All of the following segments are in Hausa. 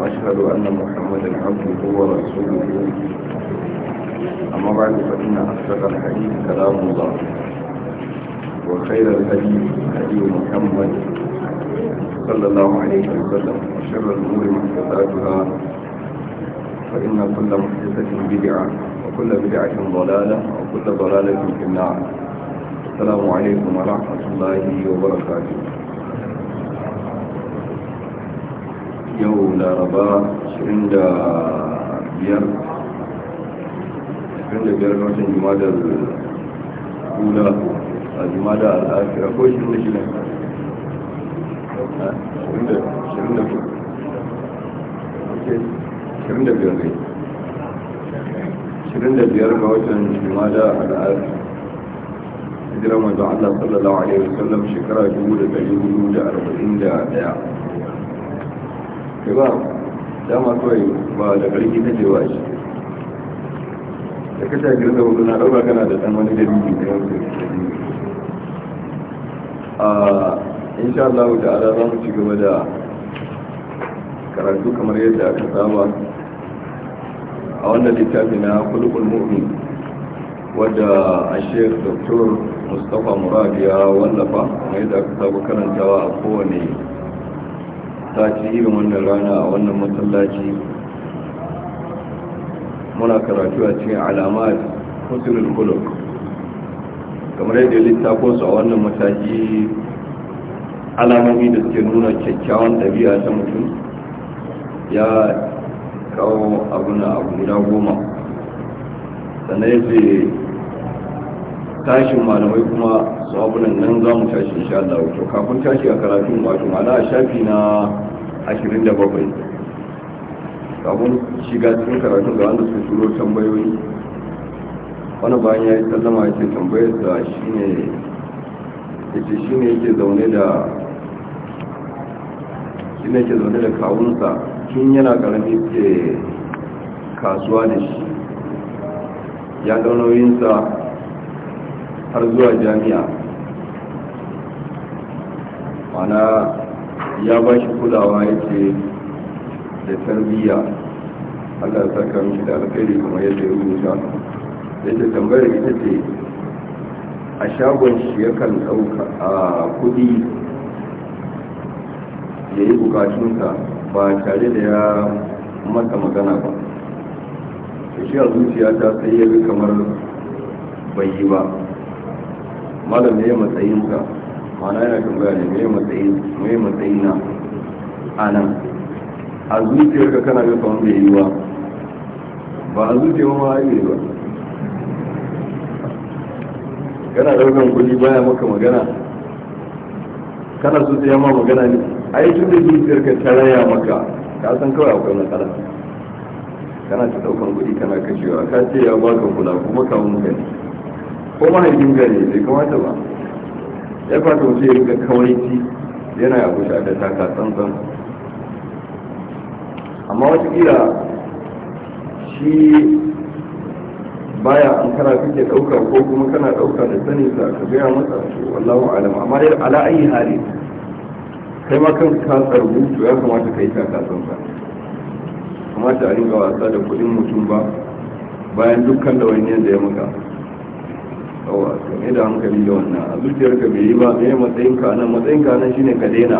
وأشهد أن محمدا عبده ورسوله أما بعد فإن أصدق الحديث كلام الله وخير الحديث حديث محمد صلى الله عليه وسلم وشر الأمور محدثاتها فإن كل محدثة بدعة وكل بدعة ضلالة وكل ضلالة في النار السلام عليكم ورحمة الله وبركاته yau laraba 25 ga watan jimadar kula a jimadar al'afira ko 26 25 ga watan jimadar al'afira hijirar manzo Allah sallallahu alaihi wasallam shekara 1441 ke ba dama kawai ba da ƙarfi ta ce shi da ka sha girka hudu na ɗauka kana da ɗan wani dalili da yau da a insha Allah ala za mu ci gaba da karatu kamar yadda aka saba a wannan littafi na kulkul mu'min wadda a shek dr mustapha murad ya wallafa mai da aka saba karantawa a kowane yi irin wannan rana a wannan masallaci muna karatu a cikin alamar husnul khuluq kamar yadda littafin su a wannan mataki alamomi da suke nuna kyakkyawan ɗabi'a ta mutum ya kawo abu na abu guda goma sannan ya ce tashin malamai kuma sabunan nan za mu tashi insha Allah to kafin tashi a karatun wato mala a shafi na 27 kafin shiga cikin karatun ga wanda suka turo tambayoyi wani bayan ya yi sallama ya ce tambayar da shi ne yake shi ne yake zaune da shi ne yake zaune da kawunsa tun yana karami ke kasuwa da shi ya ɗaunayinsa har zuwa jami'a mana ya ba shi kulawa yake da tarbiyya allah saka mishi da alkhairi kamar yadda ya rubuta da ta tambayar ita ce a shagon shi yakan ɗauka a kudi ya yi bukatunsa ba tare da ya mata magana ba shi a zuciya ta sai ya kamar bai yi ba malam ne matsayinka mana yana tambaya ne mai matsayin mai matsayina a nan a zuciyarka kana ga kawon bai yi ba ba a zuciyar ma ne ba kana daukan kuɗi baya maka magana kana so sai ma magana ne ai tun da zuciyar ka taraya maka ka san kawai akwai matsala kana ta daukan kuɗi kana kashewa ka ce ya baka kula kuma kawo muka ne ko mahaifin gari bai kamata ba ya fata wasu ya rika kawaici yana ya kusa da taka tsantsan amma wasu kila shi baya an kana kake ɗauka ko kuma kana ɗauka da sani sa ka gaya masa to wallahu alam amma dai ala ayi hali kai ma kan ka tsarbu to ya kamata kai taka tsantsan kamata a ringa wasa da kuɗin mutum ba bayan dukkan da wani yadda ya maka yawa to ne da hankali da wannan a zuciyarka bai yi ba ne matsayin ka nan matsayin ka shine ka daina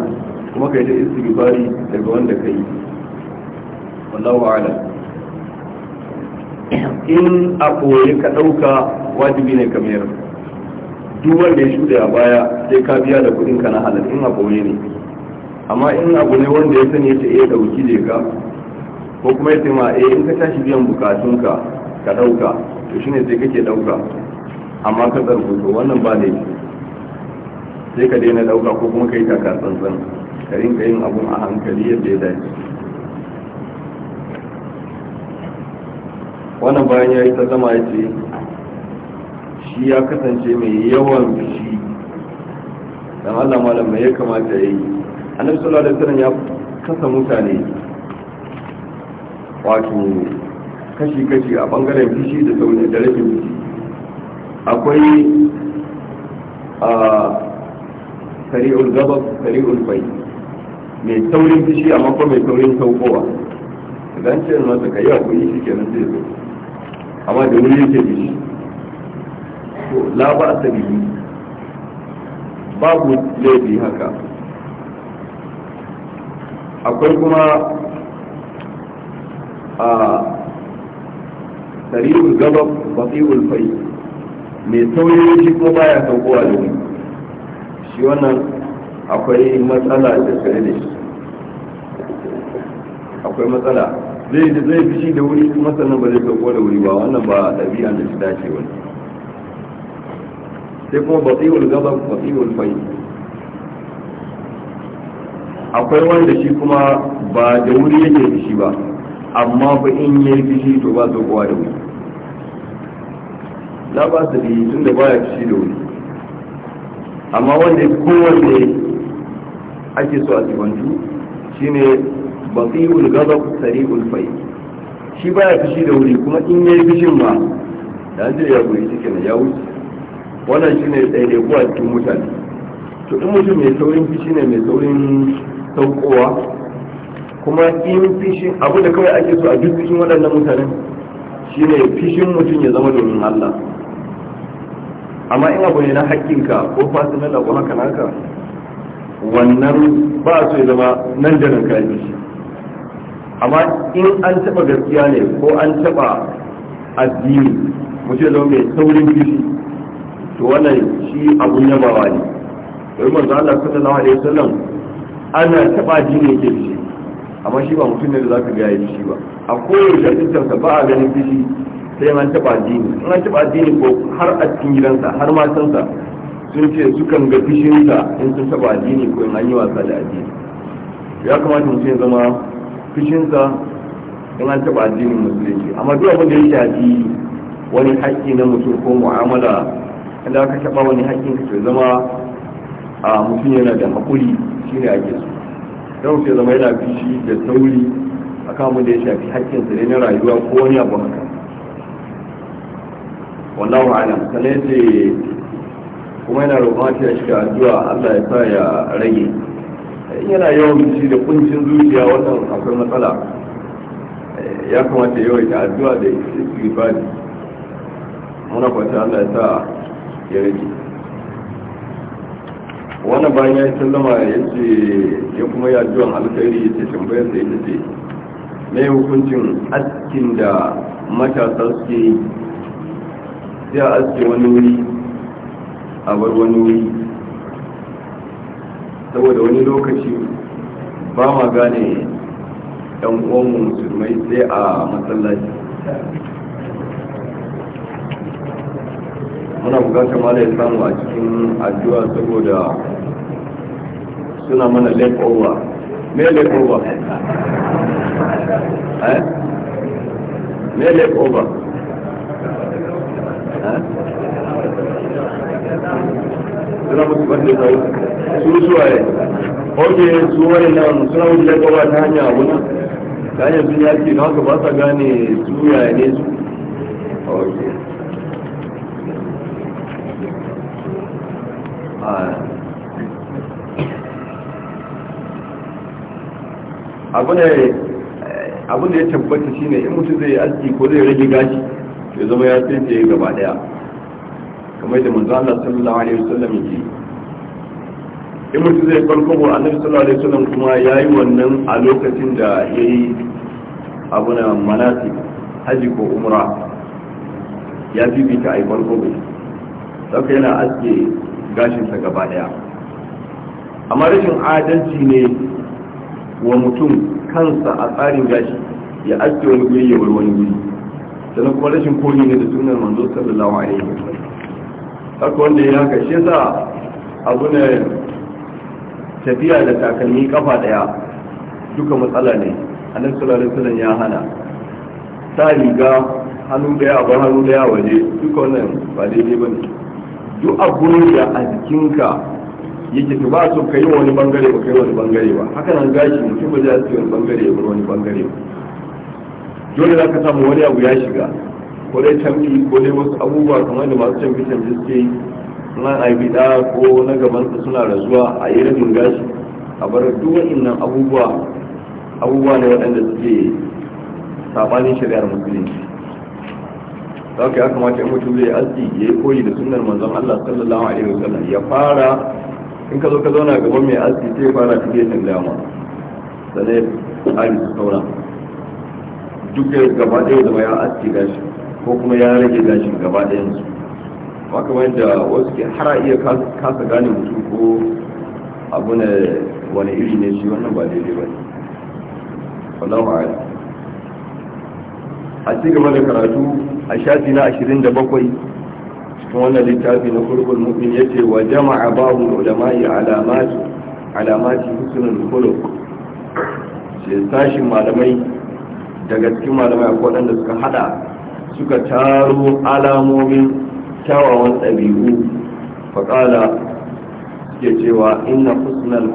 kuma ka yi da istighfari daga wanda ka yi wallahu ala in a koyi ka ɗauka wajibi ne ka mayar duk wanda ya shuɗe a baya sai ka biya da kuɗin ka na halal in a koyi ne amma in abu ne wanda ya sani yace eh ɗauki je ka ko kuma yace ma eh in ka tashi biyan bukatunka ka ɗauka to shine sai kake ɗauka. amma ka karbuto wannan ba da yi sai ka daina dauka ko kuma ka yi taka tsantsan ka rinka yin abun a hankali yadda ya dace wannan bayan ya yi zama ya ce shi ya kasance mai yawan shi dan Allah malam mai ya kamata ya yi annabi sallallahu alaihi wasallam ya kasa mutane wato kashi-kashi a bangaren fishi da saurin da rashin fishi akwai a sari'ul gabas sari'ul bai mai taurin fushi amma ko mai taurin saukowa idan ce kayi ka yi hakuri shi kenan zai zo amma da wuri yake fushi to la ba a sabihi babu laifi haka akwai kuma a sari'ul gabas basi'ul fai mai saurin shi ko baya saukowa da wuri shi wannan akwai matsala da tare da shi akwai matsala zai da zai fi shi da wuri kuma sannan ba zai sauko da wuri ba wannan ba ɗabi'a da shi dace wani sai kuma wani gaba wani fai akwai wanda shi kuma ba da wuri yake fi shi ba amma ba in yi fi shi to ba kowa da wuri ta ba su biyu tun da baya ci da wuri amma wanda kowanne ake so a sifantu shine baqiyul ghadab sari'ul ulfai. shi baya fishi da wuri kuma in yayi fishin ma da an ya goyi na ya wuce wannan ne daidai ko a cikin mutane to in mutum mai saurin fishi ne mai saurin saukowa kuma in fishin abu da kawai ake so a duk fishin waɗannan mutanen shine fishin mutum ya zama domin Allah amma in abu ne na haƙƙinka ko na lagu haka naka wannan ba su ya zama nan da nan kayan shi amma in an taɓa gaskiya ne ko an taɓa addini mutum zama mai saurin kishi to wannan shi abun yabawa ne domin manzo Allah sallallahu alaihi wasallam ana taɓa addini yake shi amma shi ba mutum ne da ka ga yi shi ba a koyaushe cikin ba a ganin kishi sai an taɓa addini in an taɓa addini ko har a cikin gidansa har matansa sun ce sukan ga fishinsa in sun taɓa addini ko in an yi wasa da addini ya kamata mutum ya zama fishinsa in an taɓa addini musulunci amma duk abin da ya shafi wani haƙƙi na mutum ko mu'amala inda aka taɓa wani haƙƙin ka to zama a mutum yana da haƙuri shine ake so don mutum ya zama yana fishi da sauri akan abin da ya shafi haƙƙinsa ne na rayuwa ko wani abu haka wallahu alam kane ce kuma yana roƙon ta ya shiga addu'a Allah ya sa ya rage yana yawan ci da kuncin zuciya wannan akwai matsala eh, ya kamata ta addu'a da istighfari muna kwata Allah ya sa ya rage wannan bayan ya yi sallama ya ce ya kuma yi addu'an alkhairi ta tambayar da ya ce me hukuncin askin da matasa suke sai a aske wani wuri a bar wani wuri saboda wani lokaci ba ma gane yan uwanmu musulmai sai a masallaci muna bukatar mala ya samu a cikin addu'a saboda suna mana laifin me eh? me laifin suna musu ɓarɗe kawai su suwaye ok su wani nan suna wuce ya gaba ta hanya a wuna ta hanyar sun yaki na haka ba sa gane su yaya ne su ok abu ne ya tabbata shine in mutum zai yi aski ko zai rage gashi ya zama ya tsince gaba daya kamar da manzo Allah sallallahu alaihi wasallam yake in mutum zai farko mu annabi sallallahu alaihi wasallam kuma yayi wannan a lokacin da yayi abu na manati haji ko umra ya bibita ai farko bai saka yana aske gashinsa gaba daya amma rashin adalci ne wa mutum kansa a tsarin gashi ya aske wani guri ya wani guri sannan kuma rashin koyi ne da sunan manzo sallallahu alaihi wasallam haka wanda ya haka shi yasa abu ne tafiya da takalmi kafa daya duka matsala ne annabi sallallahu alaihi wasallam ya hana sa riga hannu daya ba bar hannu daya waje duka wannan ba daidai bane duk abun da a jikinka yake to ba so kai wani bangare ba kai wani bangare ba haka nan gashi mutum ba zai yi wani bangare ba wani bangare ba dole za ka samu wani abu ya shiga ko dai canji ko dai wasu abubuwa kamar da masu canji canji suke yi nan a da ko na gabansa suna rasuwa a yi rabin gashi a bar duk wa'innan abubuwa abubuwa ne waɗanda suke saɓanin shari'ar musulunci za ka ya kamata in mutum zai aski ya yi koyi da sunan manzon Allah sallallahu alaihi wa sallam ya fara in ka zo ka zauna gaban mai aski sai ya fara cikin da dama sannan ya fara saura duk da gaba daya zama ya aske gashi ko kuma ya rage gashin gaba daya su haka da wasu ke har iya kasa gane mutum ko abu na wani iri ne shi wannan ba daidai ba ne wallahu a'ala a ci gaba da karatu a shafi na ashirin da bakwai cikin wannan littafi na kurkul mu'min ce wa jama'a babu ulama'i alamati alamati husnul khuluq sai sashin malamai daga cikin malamai akwai waɗanda suka hada suka taro alamomin kyawawan ɗabi'u faƙala ke cewa inna husnal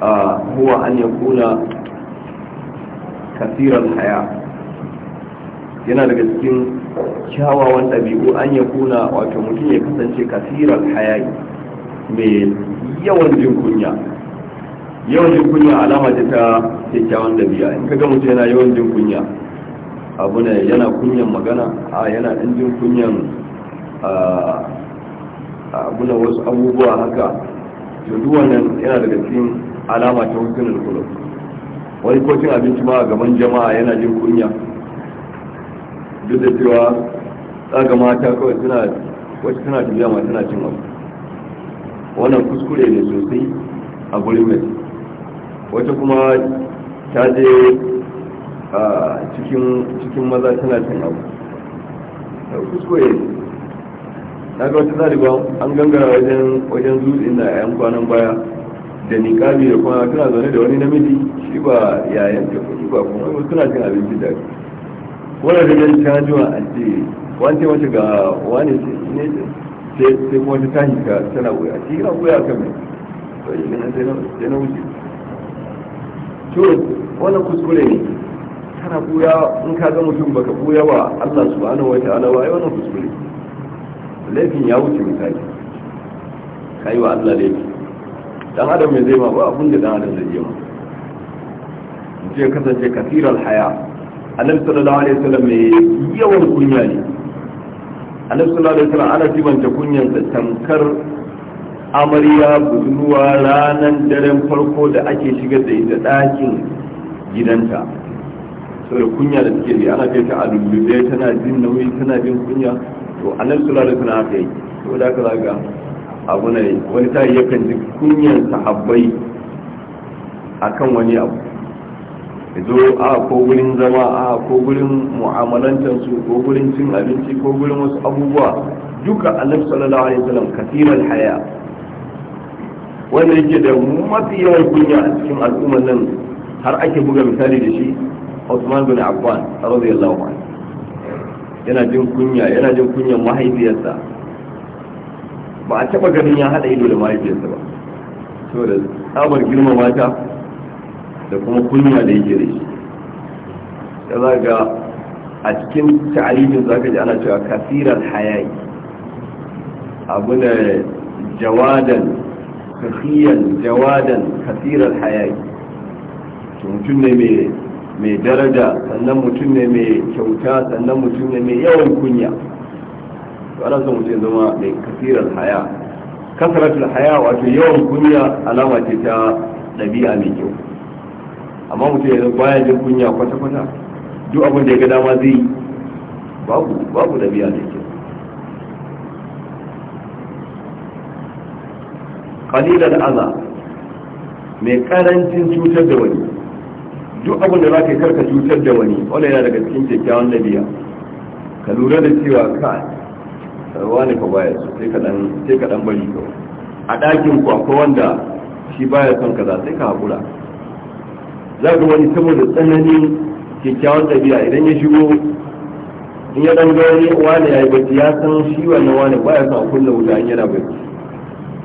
a huwa an ya kuna kasirar haya yana daga cikin kyawawan ɗabi'u an ya kuna wato mutum ya kasance kasirar haya mai yawan jin kunya yawan jin kunya alama ta kyakkyawan dabi'a in ga mutum yana yawan jin kunya abu ne yana kunyan magana a yana ɗin jin kunyan abu na wasu abubuwa haka duk nan yana daga cikin alama ta hukun kulub wani kocin abinci ma a gaban jama'a yana jin kunya duk da cewa tsaga mata kawai suna wacce tana tafiya ma tana cin wasu wannan kuskure ne sosai a gurin mai wata kuma ta je a cikin maza tana cin abu da kuskure na ga wata ɗaliba an gangara wajen wajen na yan kwanan baya da niƙami da kwana tana zaune da wani namiji shi ba yayan ta kuɗi ba kuma wasu suna cin abinci da wani da gani ta a ce wace ga wani ne sai kuma ta tashi tana wuya shi yana wuya kan mai sai na wuce to wannan kuskure ne kana buya in ka ga mutum baka buya wa Allah subhanahu wataala ba ai wannan kuskure laifin ya wuce misali Ka yi wa Allah laifin. dan adam mai zai ma ba abun da dan adam zai yi ma mutum kasance kafiral haya annabi sallallahu alaihi wasallam mai yawan kunya ne annabi sallallahu alaihi wasallam ana jibanta kunyan sa amarya budurwa ranar daren farko da ake shigar da ita ɗakin gidanta saboda kunya da take da ana kai ta a lullube tana jin nauyi tana jin kunya to nan su lalata na haka yi da ka zaga abu ne wani ta yi yakan ji kunyan sahabbai akan wani abu yanzu a ko gurin zama a ko gurin mu'amalantar su ko gurin cin abinci ko gurin wasu abubuwa duka annabi sallallahu alaihi wasallam kafiran haya wanda yake da mafi yawan kunya a cikin al'ummar nan har ake buga misali da shi Osman bin Affan radiyallahu anhu yana jin kunya yana jin kunyan mahaifiyarsa ba a taba ganin ya hada ido da mahaifiyarsa ba da sabar girma mata da kuma kunya da yake da shi da a cikin ta'arifin zaka ji ana cewa kasirar hayayi abu da jawadan kafiyan jawadan kasirar hayaki mutum ne mai daraja sannan mutum ne mai kyauta sannan mutum ne mai yawan kunya ana son mutum zama mai kasirar haya kasaratul haya wato yawan kunya alama ce ta ɗabi'a mai kyau amma mutum yanzu baya jin kunya kwata-kwata duk abin da ya ga dama zai babu babu ɗabi'a mai kyau qalilan aza mai karancin cutar da wani duk abin da za ka karka cutar da wani wanda yana daga cikin kyakkyawan nabiya ka lura da cewa ka wani ka baya su sai ka dan bari ka a ɗakin ku akwai wanda shi baya son kaza sai ka haƙura za ka wani saboda tsananin kyakkyawan dabi'a idan ya shigo in ya dan ga wani wani ya yi bacci ya san shi wannan wani baya son a kulle wuta in yana bacci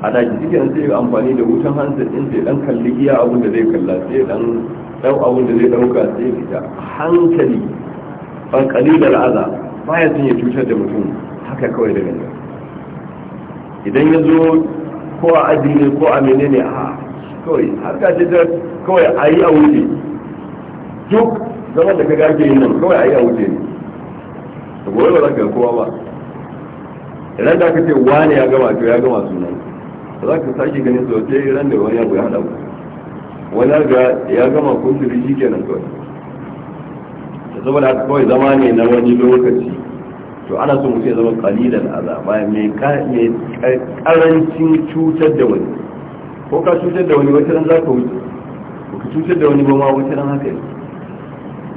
a daji cikin sai ya amfani da wutan hanzar din sai dan kalli iya abin da zai kalla sai dan dau abin da zai dauka sai fita hankali ban kalilar aza baya ya ya cutar da mutum haka kawai da gani idan ya zo ko a addini ko a menene a kawai har ka ta kawai a yi a wuce duk zama da ka gage yin nan kawai a yi a wuce ne da gobe ba za ka kowa ba idan da aka ce wane ya gama to ya gama sunan zaka za ka sake ganin su sai ran da wani abu ya haɗa wani ga ya gama kunturi shi kenan kawai da saboda haka kawai zama ne na wani lokaci to ana so mutum ya zama kalilan azaba mai karancin cutar da wani ko ka cutar da wani wata ran za ka wuce ko ka cutar da wani ba ma wata ran haka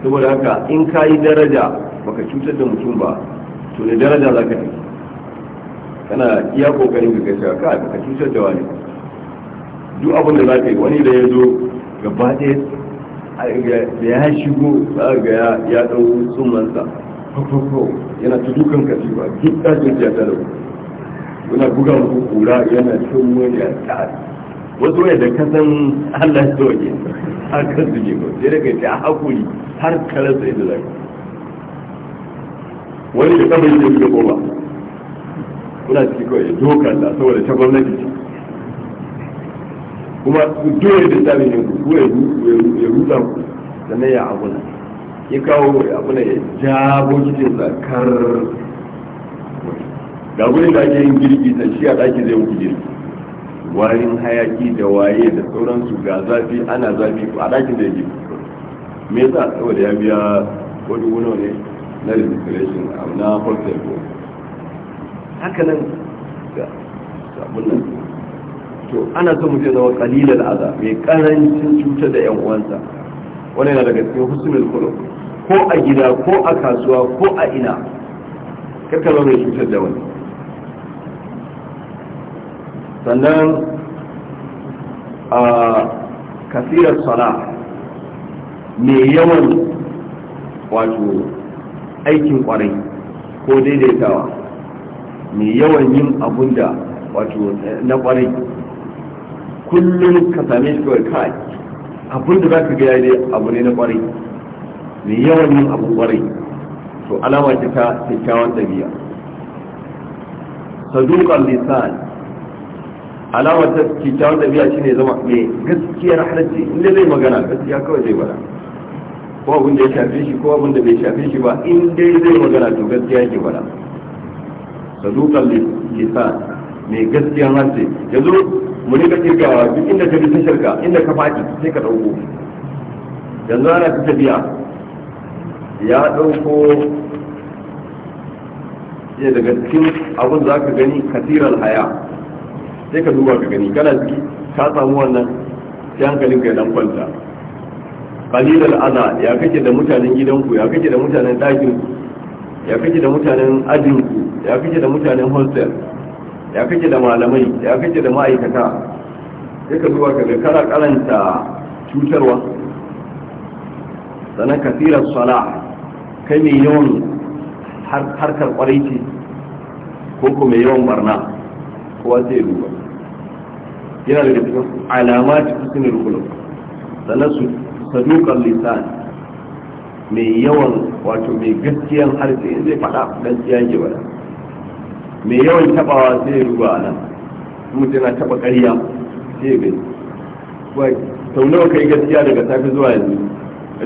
saboda haka in ka yi daraja baka cutar da mutum ba to da daraja za ka tafi kana iya kokarin ka gaisa ka ka cutar da wani duk abin da za yi wani da ya zo gaba ɗaya da ya shigo za ga ya ɗau tsumansa yana ta dukan katifa duk ɗakin ya talau yana buga muku kura yana cin wani a ta wasu wani da kasan allah ya waje a kan su ne sai daga ta hakuri har karasa sai da ka wani da kamar yadda ya ba kuna ciki kawai ya doka da saboda ta gwamnati ce kuma dole da ne ku ko ya rusa ku sannan ya abuna ya kawo abuna ya jabo cikin tsakar ga gudun da ake yin girki san shi a ɗaki zai wuce girki warin hayaki da waye da sauransu ga zafi ana zafi a ɗakin da yake me yasa saboda ya biya wani wuna ne na registration na ko haka nan ga abunan to ana son mutum zama kalilan aza mai karancin cutar da yan uwansa wani yana daga cikin husnul khuluq ko a gida ko a kasuwa ko a ina karka wani cutar da wani sannan a kasirar sana mai yawan wato aikin kwarai ko daidaitawa mai yawan yin abun da wato eh, na kwarai kullum ka same shi kawai kai abun da za ka gaya ne abu ne na kwarai mai yawan yin abun kwarai to alama ce ta kyakkyawan ɗabi'a sadukan lisan alama ta kyakkyawan ɗabi'a shine zama mai gaskiyar halacci inda zai magana gaskiya kawai zai bada ko abin da ya shafe shi ko abin da bai shafe shi ba in dai zai magana to gaskiya yake bada sadukan Lissan mai gaskiyan hanci yanzu mu rika kirgawa duk inda ka bi shirka inda ka faɗi sai ka ɗauko yanzu ana ta tafiya ya ɗauko ya daga cikin abin za ka gani kasirar haya sai ka duba ka gani kana ciki ka samu wannan sai hankalin ka ya dan kwanta kalilal aza ya kake da mutanen gidanku ya kake da mutanen ɗakin ya kake da mutanen ajinku ya kake da mutanen hostel ya kake da malamai ya kake da ma'aikata ya ka zuwa ka ga karanta cutarwa sannan kasirar sala kai mai yawan harkar kwarai ce ko kuma yawan barna kowa yi duba yana da cikin alama cikin rukunin sannan su saduƙar lissani mai yawan wato mai gaskiyan harshe zai faɗa gaskiya ke wada mai yawan tabawa zai ruba nan mutum na taba ƙarya sai bai sau nawa kai gaskiya daga safi zuwa yanzu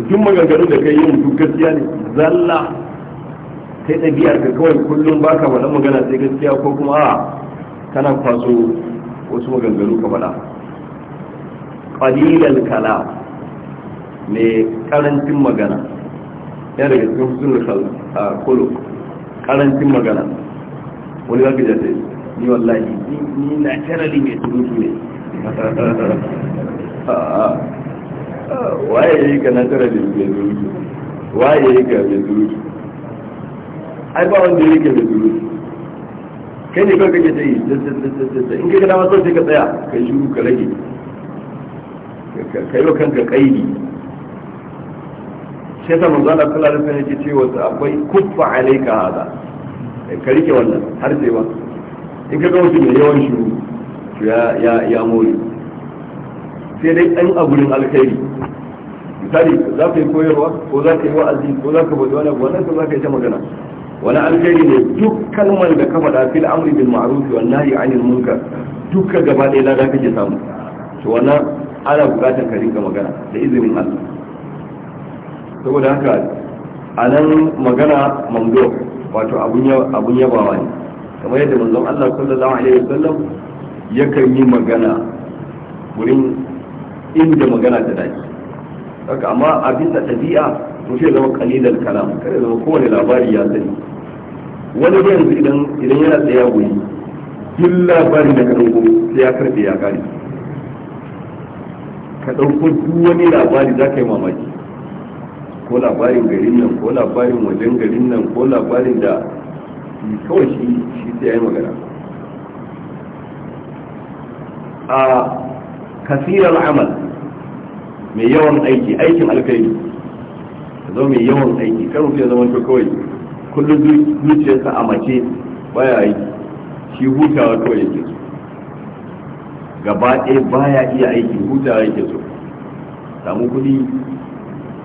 duk maganganun da kai yin mutu gaskiya ne zalla kai ɗabi'ar ka kawai kullum baka faɗa magana sai gaskiya ko kuma a kana kwaso wasu maganganu ka faɗa qalilal kala mai ƙarancin magana ya daga cikin husnul kolo karancin magana wani zaka jace ni wallahi ni na tarali mai surutu ne waye yi ka na tarali mai surutu waye yi ka mai surutu ai ba wanda ka mai surutu kai ne kawai kake ta yi in kai ka dama sai ka tsaya ka shi ka rage ka yi wa kanka kaidi sai ta manzo Allah sallallahu alaihi wasallam yake cewa akwai kuffa alayka hada eh, ka rike wannan har sai ba in ka ga mutum mai yawan shiru ya ya ya mori sai dai ɗan aburin alkhairi misali za ka yi koyarwa ko za ka yi wa'azi ko za ka bada wani abu wannan za ka yi ta magana wani alkhairi ne duk kalmar da ka faɗa fil amri bil ma'ruf wa nahyi anil munkar duka gaba ɗaya ka je samu to wannan ana buƙatar ka rinka magana da izinin Allah saboda haka a nan magana mamdo wato abun yabawa ne kamar yadda manzon Allah sallallahu alaihi wasallam yakan yi magana wurin inda magana ta dace haka amma abin da tabi'a to sai zama kalilan kalam kada zama kowane labari ya sani wani yanzu idan idan yana tsaya wuri duk labari da ka dauko sai ya karbe ya kare ka dauko duk wani labari za ka yi mamaki ko labarin garin nan ko labarin wajen garin nan ko labarin da kawai shi shi sai ya yi magana a kasirar amal mai yawan aiki aikin alkairi zama mai yawan aiki kan rufe ya zama to kawai kullum zuciyarsa a mace baya aiki shi hutawa kawai yake so gaba ɗaya baya iya aiki hutawa yake so samu kuɗi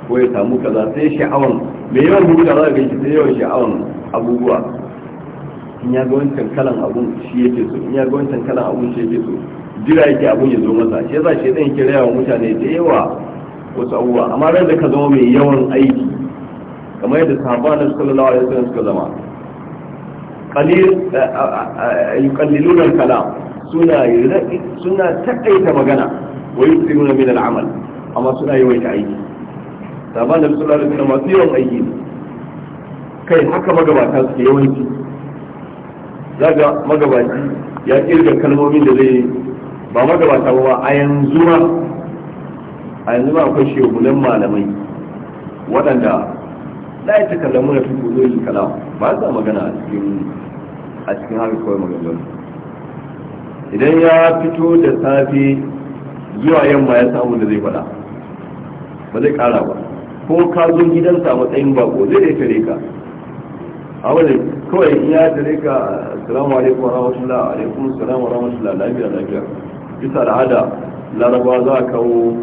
ko ya samu kaza sai sha'awan mai yawan hukunta za a gaishe sai yawan sha'awan abubuwa in ya ga wancan kalan abun shi yake so in ya ga wancan kalan abun shi yake so jira yake abun ya zo masa shi yasa shi dan kira yawan mutane da yawa wasu abubuwa amma ran da ka zama mai yawan aiki kamar yadda sahaba na sallallahu alaihi wasallam suka zama qalil yuqalliluna al-kalam suna suna takaita magana wa yusiruna min al-amal amma suna yawaita aiki amma da suna da masu yawan aiki kai haka magabata su yawanci zaga magabaci ya kirga kalmomin da zai ba magabata ba a yanzu ma a yanzu ma akwai shehunan malamai waɗanda la ya cika lamu na fiko zai kalam ba za magana a cikin a cikin haka kawai maganganu idan ya fito da safe zuwa yamma ya samu da zai faɗa ba zai ƙara ba ko ka zo gidansa a matsayin bako zai da tare ka a wani kawai in ya tare ka as-salamu alaikum wa rahmatullah alaikum salamu wa rahmatullah lafiya lafiya bisa al'ada laraba za a kawo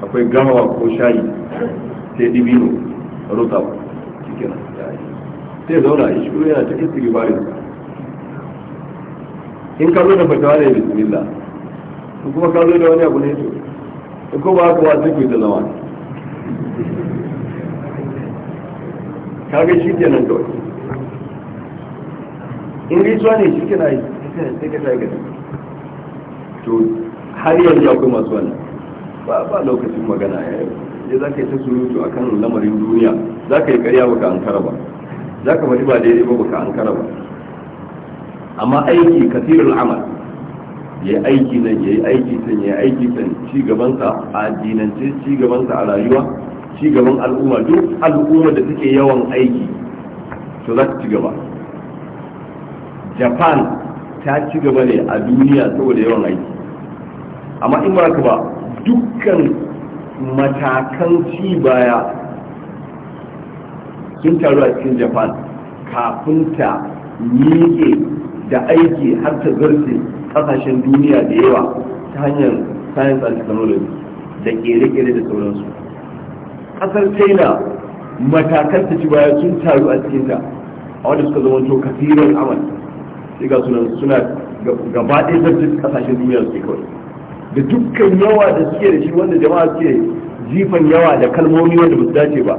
akwai gamawa ko shayi sai dibino rota cikin sai zauna shi yana cikin gibari in ka zo da fatawa ne bismillah in kuma ka zo da wani abu ne to in ko ba haka wa sai ku yi da zama kaga shi ke nan kawai in rituwa ne shi ke na yi sai ka shaga to har yanzu akwai masu wannan ba ba lokacin magana ya yi je za ka yi ta surutu a kan lamarin duniya za ka yi karya baka an ba za ka faɗi ba daidai ba baka an ba amma aiki kasirul amal ya yi aiki nan ya yi aiki can ya yi aiki can ci gabansa a dinance ci gabansa a rayuwa ci gaban al'umma duk al'umma da take yawan aiki to za ta ci gaba japan ta ci gaba ne a duniya saboda yawan aiki amma in ba ba dukkan matakan ci baya sun taru a cikin japan kafin ta miƙe da aiki har ta zarce kasashen duniya da yawa ta hanyar science and technology da kere-kere da sauransu kasar china matakan ta ci baya sun taru a cikin ta a wanda suka zama to kafirin amal sai ga sunan suna gaba ɗaya zartin kasashen duniya suke kawai da dukkan yawa da suke da shi wanda jama'a suke jifan yawa da kalmomi wanda ba su dace ba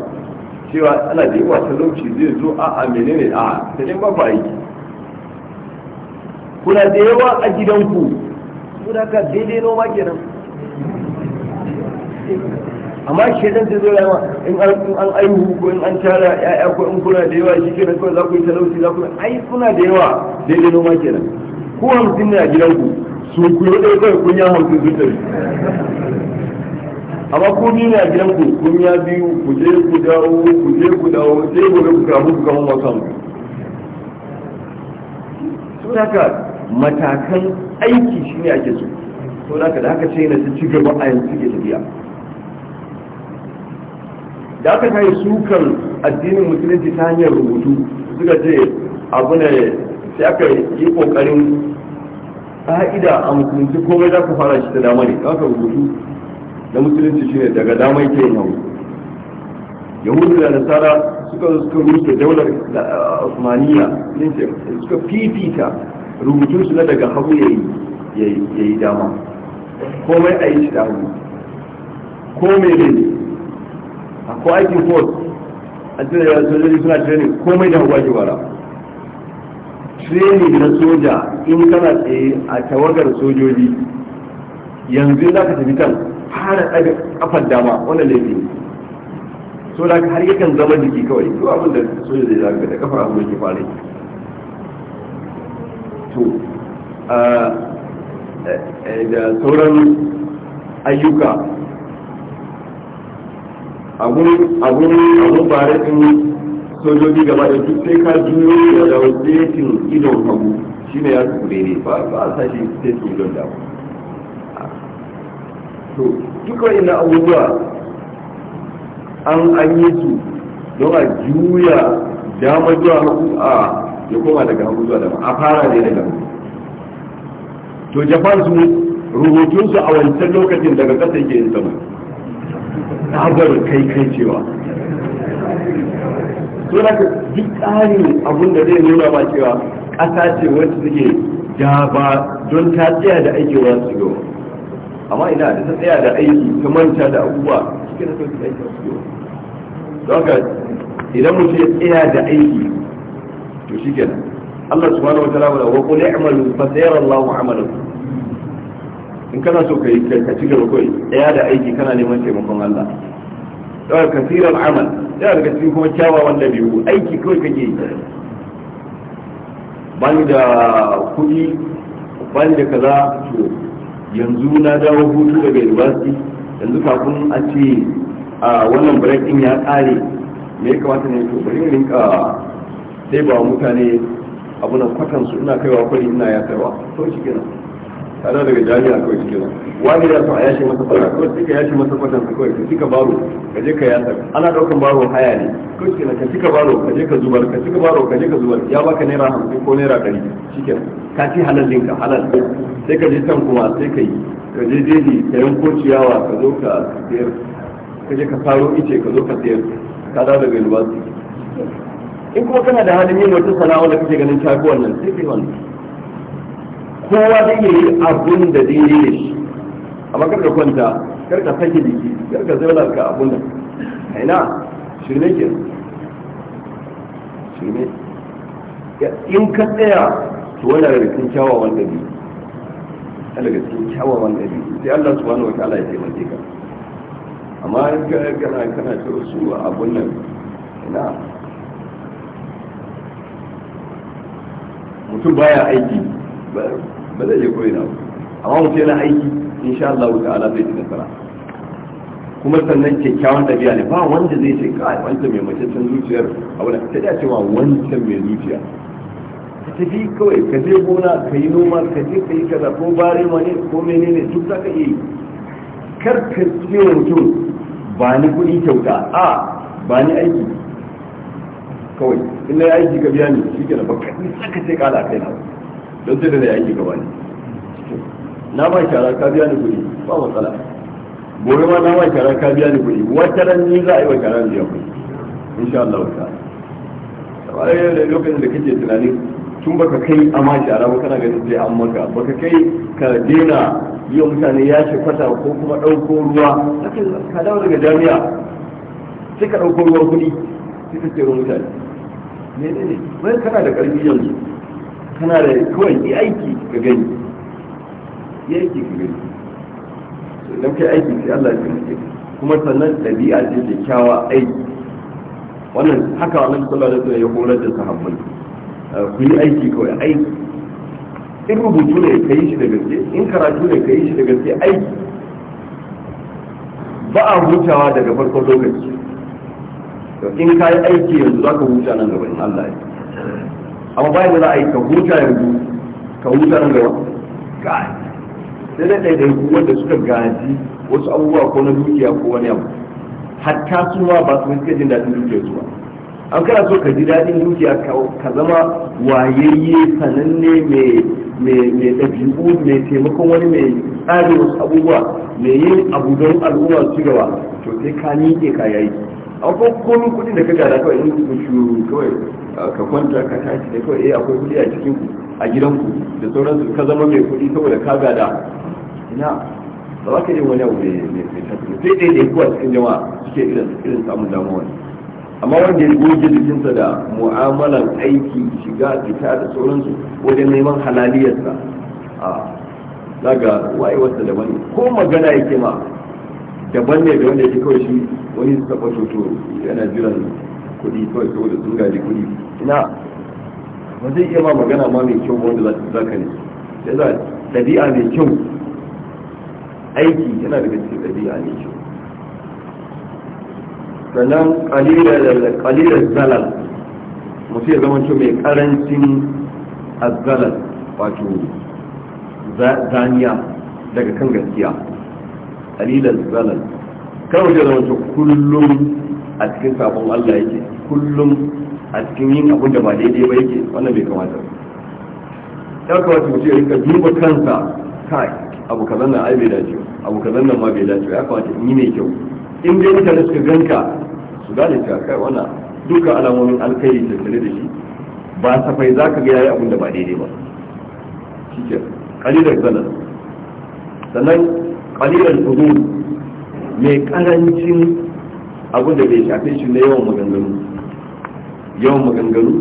cewa ana da yawa talauci zai zo a a menene a ta ne ba aiki kuna da yawa a gidanku kuna ka daidai noma kenan amma dan zai zo in an aihu ko in an tara ya'ya ko in kuna da yawa shi kenan kawai za ku yi talauci za ku ai kuna da yawa daidai noma kenan ko hamsin ne a gidanku su ku yi ɗaya kawai kun ya hamsin sun tafi amma ko ni ne a gidanku kun ya biyu ku je ku dawo ku je ku dawo sai gobe ku kamu ku kama wasu hamsin. Sun haka matakan aiki shi ne ake so. Sun haka da haka ce na ci gaba a yanzu ke tafiya. da aka kai sukan addinin musulunci ta hanyar rubutu suka ce abu ne sai aka yi kokarin fa'ida a musulunci komai za ku fara shi ta dama ne aka rubutu da musulunci shi ne daga dama yake yin hau yahudu da nasara suka suka rusa daular osmaniya uh, suka fifita su na daga hagu ya yi dama komai a yi shi hagu komai ne ko aikin force a cikin yawan sojoji suna training komai da hawa wara training na soja in kana tsaye a tawagar sojoji yanzu za ka tafi kan fara ɗaga kafar dama wannan laifi so da har yakan zama jiki kawai to abin da soja zai zaga da kafar abin da ke fara to ah, eh, eh, da sauran ayyuka abun bare din sojoji gaba da duk sai ka juyo da rotating idon hagu Shi shine ya su ne ba a sashi statin idon da to duk wa'ina abubuwa an an yi su don a juya dama zuwa hagu a ya koma daga hagu zuwa dama a fara ne daga hagu to japan su rubutunsu a wancan lokacin daga ƙasa yake yin sama tsabar kai kai cewa so da duk tsarin abin da zai nuna ba cewa ƙasa ce wacce take ja ba don ta tsaya da aiki wa su yau amma ina da ta tsaya da aiki ta manta da abubuwa shi da sauki aiki su yau don ka idan mutum ya tsaya da aiki to shi kenan Allah subhanahu wa ta'ala wa qul i'malu fa sayara Allahu 'amalakum in kana so ka ka ci gaba kawai ɗaya da aiki kana neman taimakon Allah daga kasirar amal ɗaya daga cikin kuma kyawawan dabi'u aiki kawai kake yi bani da kuɗi bani da kaza to yanzu na dawo hutu daga university yanzu kafin a ce a wannan break din ya ƙare me ya kamata ne to bari ka sai ba mutane abu na kwatansu ina kaiwa kwari ina ya kaiwa to shi kenan ana daga jami'a kawai cikin wani ya so a yashe masa fara kawai suka yashe masa kwatan sa kawai cika baro ka je ka yasa ana daukan baro haya ne ko kenan ka cika baro ka je ka zubar ka cika baro ka je ka zubar ya baka naira hamsin ko naira ɗari cikin ka ci halal ka halal sai ka je can kuma sai ka yi ka je jeji ka yanko ciyawa ka zo ka sayar ka je ka faro ice ka zo ka sayar ka dawo daga university in kuma kana da halin yin wata sana'a da kake ganin ta wannan sai kai wannan kowa zai iya yi abin da zai yi da shi amma karka kwanta karka sake jiki karka zauna ka abin da aina shirme ke shirme in ka tsaya to wani daga cikin kyawawan ɗabi yana daga cikin kyawawan ɗabi sai Allah wani wata ala ya taimake ka amma in ka kana kana ta su abun nan ina mutum baya aiki ba zai je koyi na amma mutum yana aiki insha Allah ala zai ci nasara kuma sannan kyakkyawan ɗabi'a ne ba wanda zai ce kai wancan mai macecen zuciyar abu da ta dace ma wancan mai zuciya ka tafi kawai ka je gona ka yi noma ka je ka yi kaza ko bare ma ne ko menene duk za ka iya yi kar ka ce mutum ba ni kuɗi kyauta a ba ni aiki kawai in na aiki ka biya ni shi ke na ba ka saka sai kala kai na don sai da yake gaba ne na ba shara ka biya ni kuɗi ba matsala gobe ma na ba shara ka biya ni kuɗi wata ran ni za a yi wa shara biya kuɗi insha Allah ta amma yau da lokacin da kake tunanin tun baka kai ma shara ba kana ganin sai an maka baka kai ka daina yi mutane ya ce fata ko kuma ɗauko ruwa ka dawo daga jami'a sai ka ɗauko ruwan kuɗi sai ka tsero mutane ne ne ne wai kana da ƙarfi yanzu kana da kawai yi aiki ka gani yi aiki ka gani idan kai aiki sai Allah ya gani kuma sannan ɗabi'a ce kyakkyawa aiki wannan haka wannan sallallahu da ya horar da sahabbai eh, ku yi aiki kawai aiki in rubutu ne ka yi shi da gaske in karatu ne ka yi shi da gaske aiki ba a hutawa daga farkon lokaci in ka yi aiki yanzu za ka huta nan gaba in Allah ya amma bayan da za a yi ka huta yanzu ka huta nan gaba sai dai dai kuma da suka gaji wasu abubuwa ko na dukiya ko wani abu hatta ma ba su suka jin daɗin su ba. an kana so ka ji daɗin dukiya ka zama wayayye sananne mai ɗabi'u mai taimakon wani mai tsari wasu abubuwa mai yin abu don al'umma su gaba to sai ka miƙe ka yayi akwai komin kudin da ka gada kawai yin kuma shuru kawai ka kwanta ka tashi da kawai eh akwai kudi a cikin a gidanku da sauransu ka zama mai kudi saboda ka gada ina ba za ka yi wani abu mai fitafi sai dai da kuwa cikin jama'a suke irin irin samun damuwa amma wanda ya goge jikinsa da mu'amalan aiki shiga fita da sauransu wajen neman halaliyarsa a zaga wayewarsa wani ko magana yake ma daban ne da wanda ya kawai shi wani suka fato to yana jiran kuɗi kawai saboda sun gaji kuɗi ina ba zai iya ma magana ma mai kyau wanda za ka ne ya za ɗabi'a mai kyau aiki yana daga cikin ɗabi'a mai kyau sannan ƙalilar zalal mutum ya zama mai ƙarancin azalal wato zaniya daga kan gaskiya qalilan zalal kawai da zama kullum a cikin sabon Allah yake kullum a cikin yin abu da ba daidai ba yake wannan bai kamata ya kamata mutum ya rika duba kansa kai abu kazan nan ai bai dace abu kazan nan ma bai dace ya kamata in yi mai kyau in dai mutane suka ganka su gane cewa kai wannan dukkan alamomin alkhairi tare da shi ba safai za ka ga yayi abin da ba daidai ba shi ke kalilar zanen sannan ƙalilan kudu mai ƙarancin abu da bai shafe shi na yawan maganganu yawan maganganu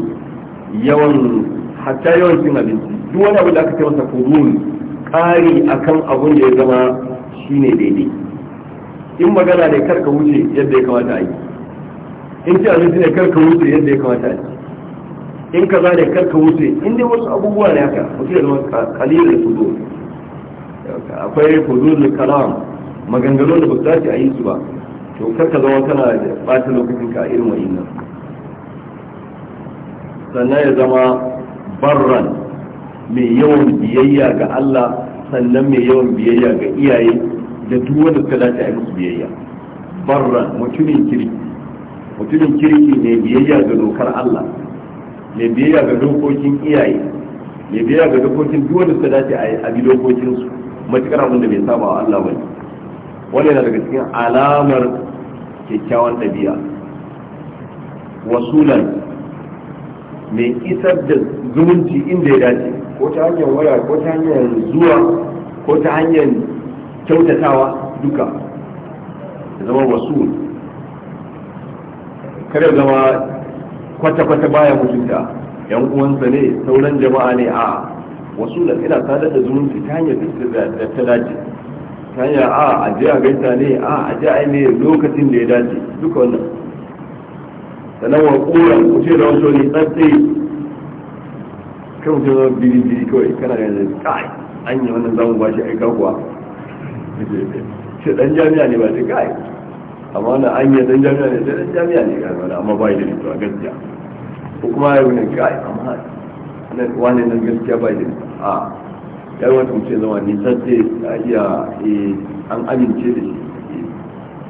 yawan hatta yawan cin abinci duk wani abu da aka ce masa kudu ƙari akan abun da ya zama shine daidai in magana ne karka wuce yadda ya kamata a yi in ci abinci ne karka wuce yadda ya kamata a yi in kaza ne karka wuce in dai wasu abubuwa ne haka mutum ya zama kalilan kudu akwai hududul kalam maganganun da ba su dace a yi su ba to kaka zama kana da bata lokacin ka a irin nan. sannan ya zama barran mai yawan biyayya ga Allah sannan mai yawan biyayya ga iyaye da duk wanda suka dace a yi musu biyayya barran mutumin kirki mutumin kirki mai biyayya ga dokar Allah mai biyayya ga dokokin iyaye mai biyayya ga dokokin duk wanda suka dace a bi dokokinsu matukar abin da bai saba wa Allah bane wani yana daga cikin alamar kyakkyawan ɗabi'a wasulan mai isar da zumunci inda ya dace ko ta hanyar waya ko ta hanyar zuwa ko ta hanyar kyautatawa duka zama wasu kada zama kwata-kwata baya mutunta yan uwansa ne sauran jama'a ne a wasu da ina sadar da zumunci ta hanyar da ta dace ta hanyar a ah, a je a gaita ne a ah, a je a ne lokacin da ya dace duka wannan sannan wa kuran ku ce da wasu ne tsatsi kan zama biri biri kawai kana da yanzu kai an yi wannan zamu ba shi aika kuwa ce dan jami'a ne ba ce kai amma wannan an yi dan jami'a ne dan jami'a ne kai amma ba yi da to a gaskiya ko kuma ya wani kai amma wani nan gaskiya ba yi da a ya wata mutum zama nisan ce a iya e, an amince da shi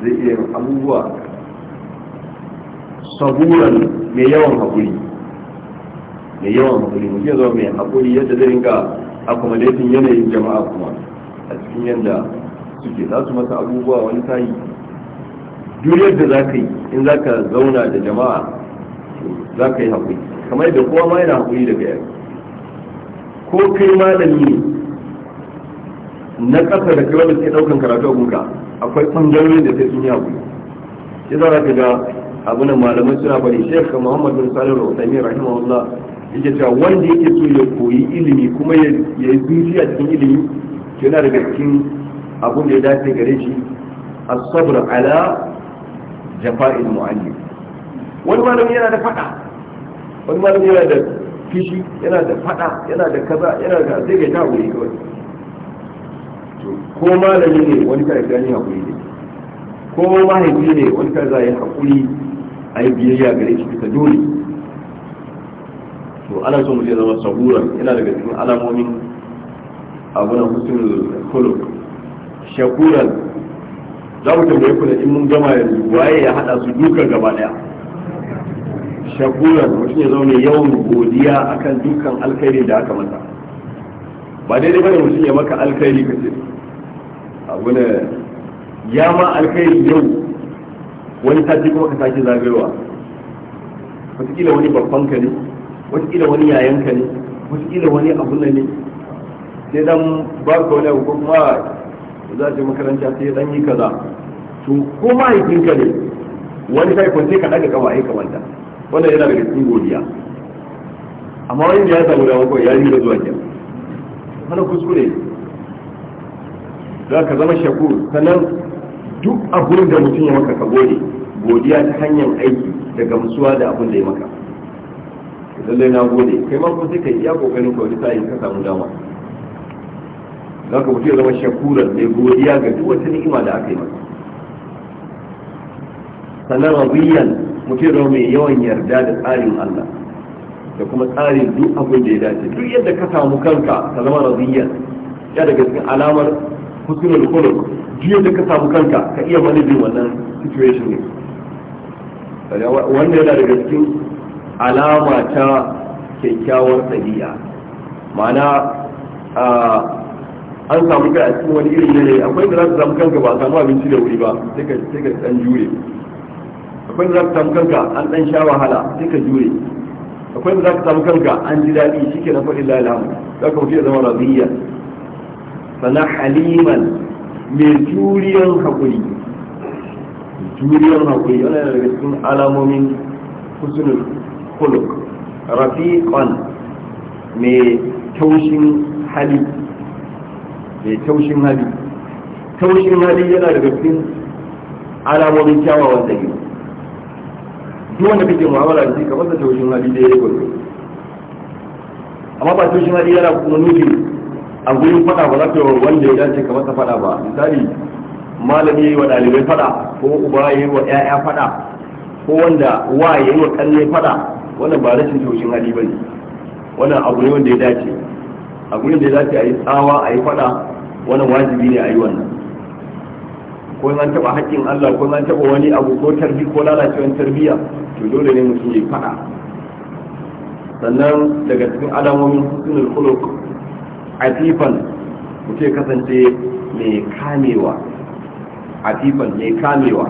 zai iya yin abubuwa saburan mai yawan haƙuri mai yawan haƙuri mutum zama mai haƙuri yadda zai ringa akwamalaitin yanayin jama'a kuma a cikin yadda suke za su masa abubuwa wani tayi duk yadda za ka yi in za ka zauna da jama'a za ka yi haƙuri kamar yadda kowa ma yana haƙuri daga yau ko kai malami ne na ƙasa da kai wanda ke ɗaukan karatu a gunka akwai ɓangarorin da sai sun yi abu shi za ka ga abin malamai suna bari shek muhammad bin salim rahotami rahimahullah yake cewa wanda yake so ya koyi ilimi kuma ya yi zuciya cikin ilimi yana daga cikin abin da ya dace gare shi a sabr ala jafa'il mu'allim wani malami yana da faɗa wani malami yana da kishi yana da fada yana da kaza yana da zai ga ta wuri kawai ko malami ne wani kare gani hakuri ne ko mahaifi ne wani kare zai hakuri a yi biyayya gare shi bisa dole to ana so mutum zama sabura yana daga cikin alamomin abuna mutum husnul shakuran za mu tambaye ku da in mun gama yanzu waye ya hada su duka gaba daya shakuran mutum ya zaune yawan godiya akan dukkan alkhairi da aka masa ba daidai bane mutum ya maka alkhairi ka ce abu ne ya ma alkhairi yau wani sati kuma ka sake zagayowa wataƙila wani babban ka ne wataƙila wani yayan ka ne wataƙila wani abun ne sai dan ba ka wani abu ko kuma za ce makaranta sai dan yi kaza to ko mahaifinka ne wani sai kwance ka daga kama aika wanda wannan yana daga cikin godiya amma wani da ya samu da wakon ya yi da zuwa kenan hana kuskure za ka zama shakur sannan duk abin da mutum ya maka ka gode godiya ta hanyar aiki da gamsuwa da abun da ya maka lallai na gode kai ma kuma sai ka iya kokarin ka wani sa'in ka samu dama za ka mutum ya zama shakuran mai godiya ga duk wata ni'ima da aka yi maka sannan rabiyan mutum zama mai yawan yarda da tsarin Allah da kuma tsarin duk abin da ya dace duk yadda ka samu kanka ka zama radiyya ya daga cikin alamar husnul khuluq duk yadda ka samu kanka ka iya manajin wannan situation ne wannan yana daga cikin alama ta kyakkyawar ɗabi'a ma'ana an samu kai a cikin wani irin yanayi akwai da za su samu kanka ba samu abinci da wuri ba sai ka ɗan jure akwai za ka samu kanka an dan sha wahala sai ka jure akwai za ka samu kanka an ji daɗi shi ke na faɗi lalamu za ka mutu zama rabiya sana haliman mai juriyar haƙuri juriyan haƙuri yana daga cikin alamomin husnul khuluq rafiqan mai taushin hali mai taushin hali taushin hali yana daga cikin alamomin kyawawan dabi'u duk wanda kake mu'amala da shi ka masa taushin hali da yi gobe amma ba taushin hali yana kuma nufi a gurin fada ba za ka yi wanda ya dace ka masa fada ba misali malami yi wa dalibai fada ko uba ya yi wa 'ya'ya fada ko wanda wa yi wa kalle fada wannan ba rashin taushin hali ne. wannan abu ne wanda ya dace a gurin da ya dace a yi tsawa a yi fada wannan wajibi ne a yi wannan ko an taba haƙƙin Allah ko an taba wani abu ko tarbi ko lalacewar tarbiya to dole ne mutum ya faɗa sannan daga cikin alamomin husnul khuluq atifan mutum ya kasance mai kamewa atifan mai kamewa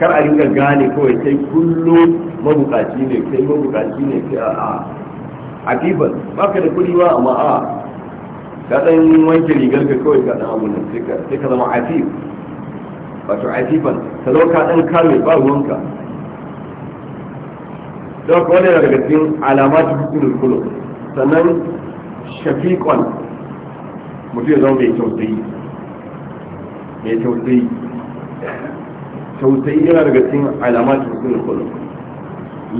kar a ringa gane kawai sai kullum mabukaci ne sai mabukaci ne sai a atifan ka da kuɗi ba amma a ka dan wanke rigar ka kawai ka dan abun nan sai ka zama atif wato azifan ka ɗan kame ba ruwanka don kuwa da daga cikin alamatu hukunin kulo sannan shafiƙon mutum ya zama mai tausayi mai tausayi tausayi yana daga cikin alamatu hukunin kulo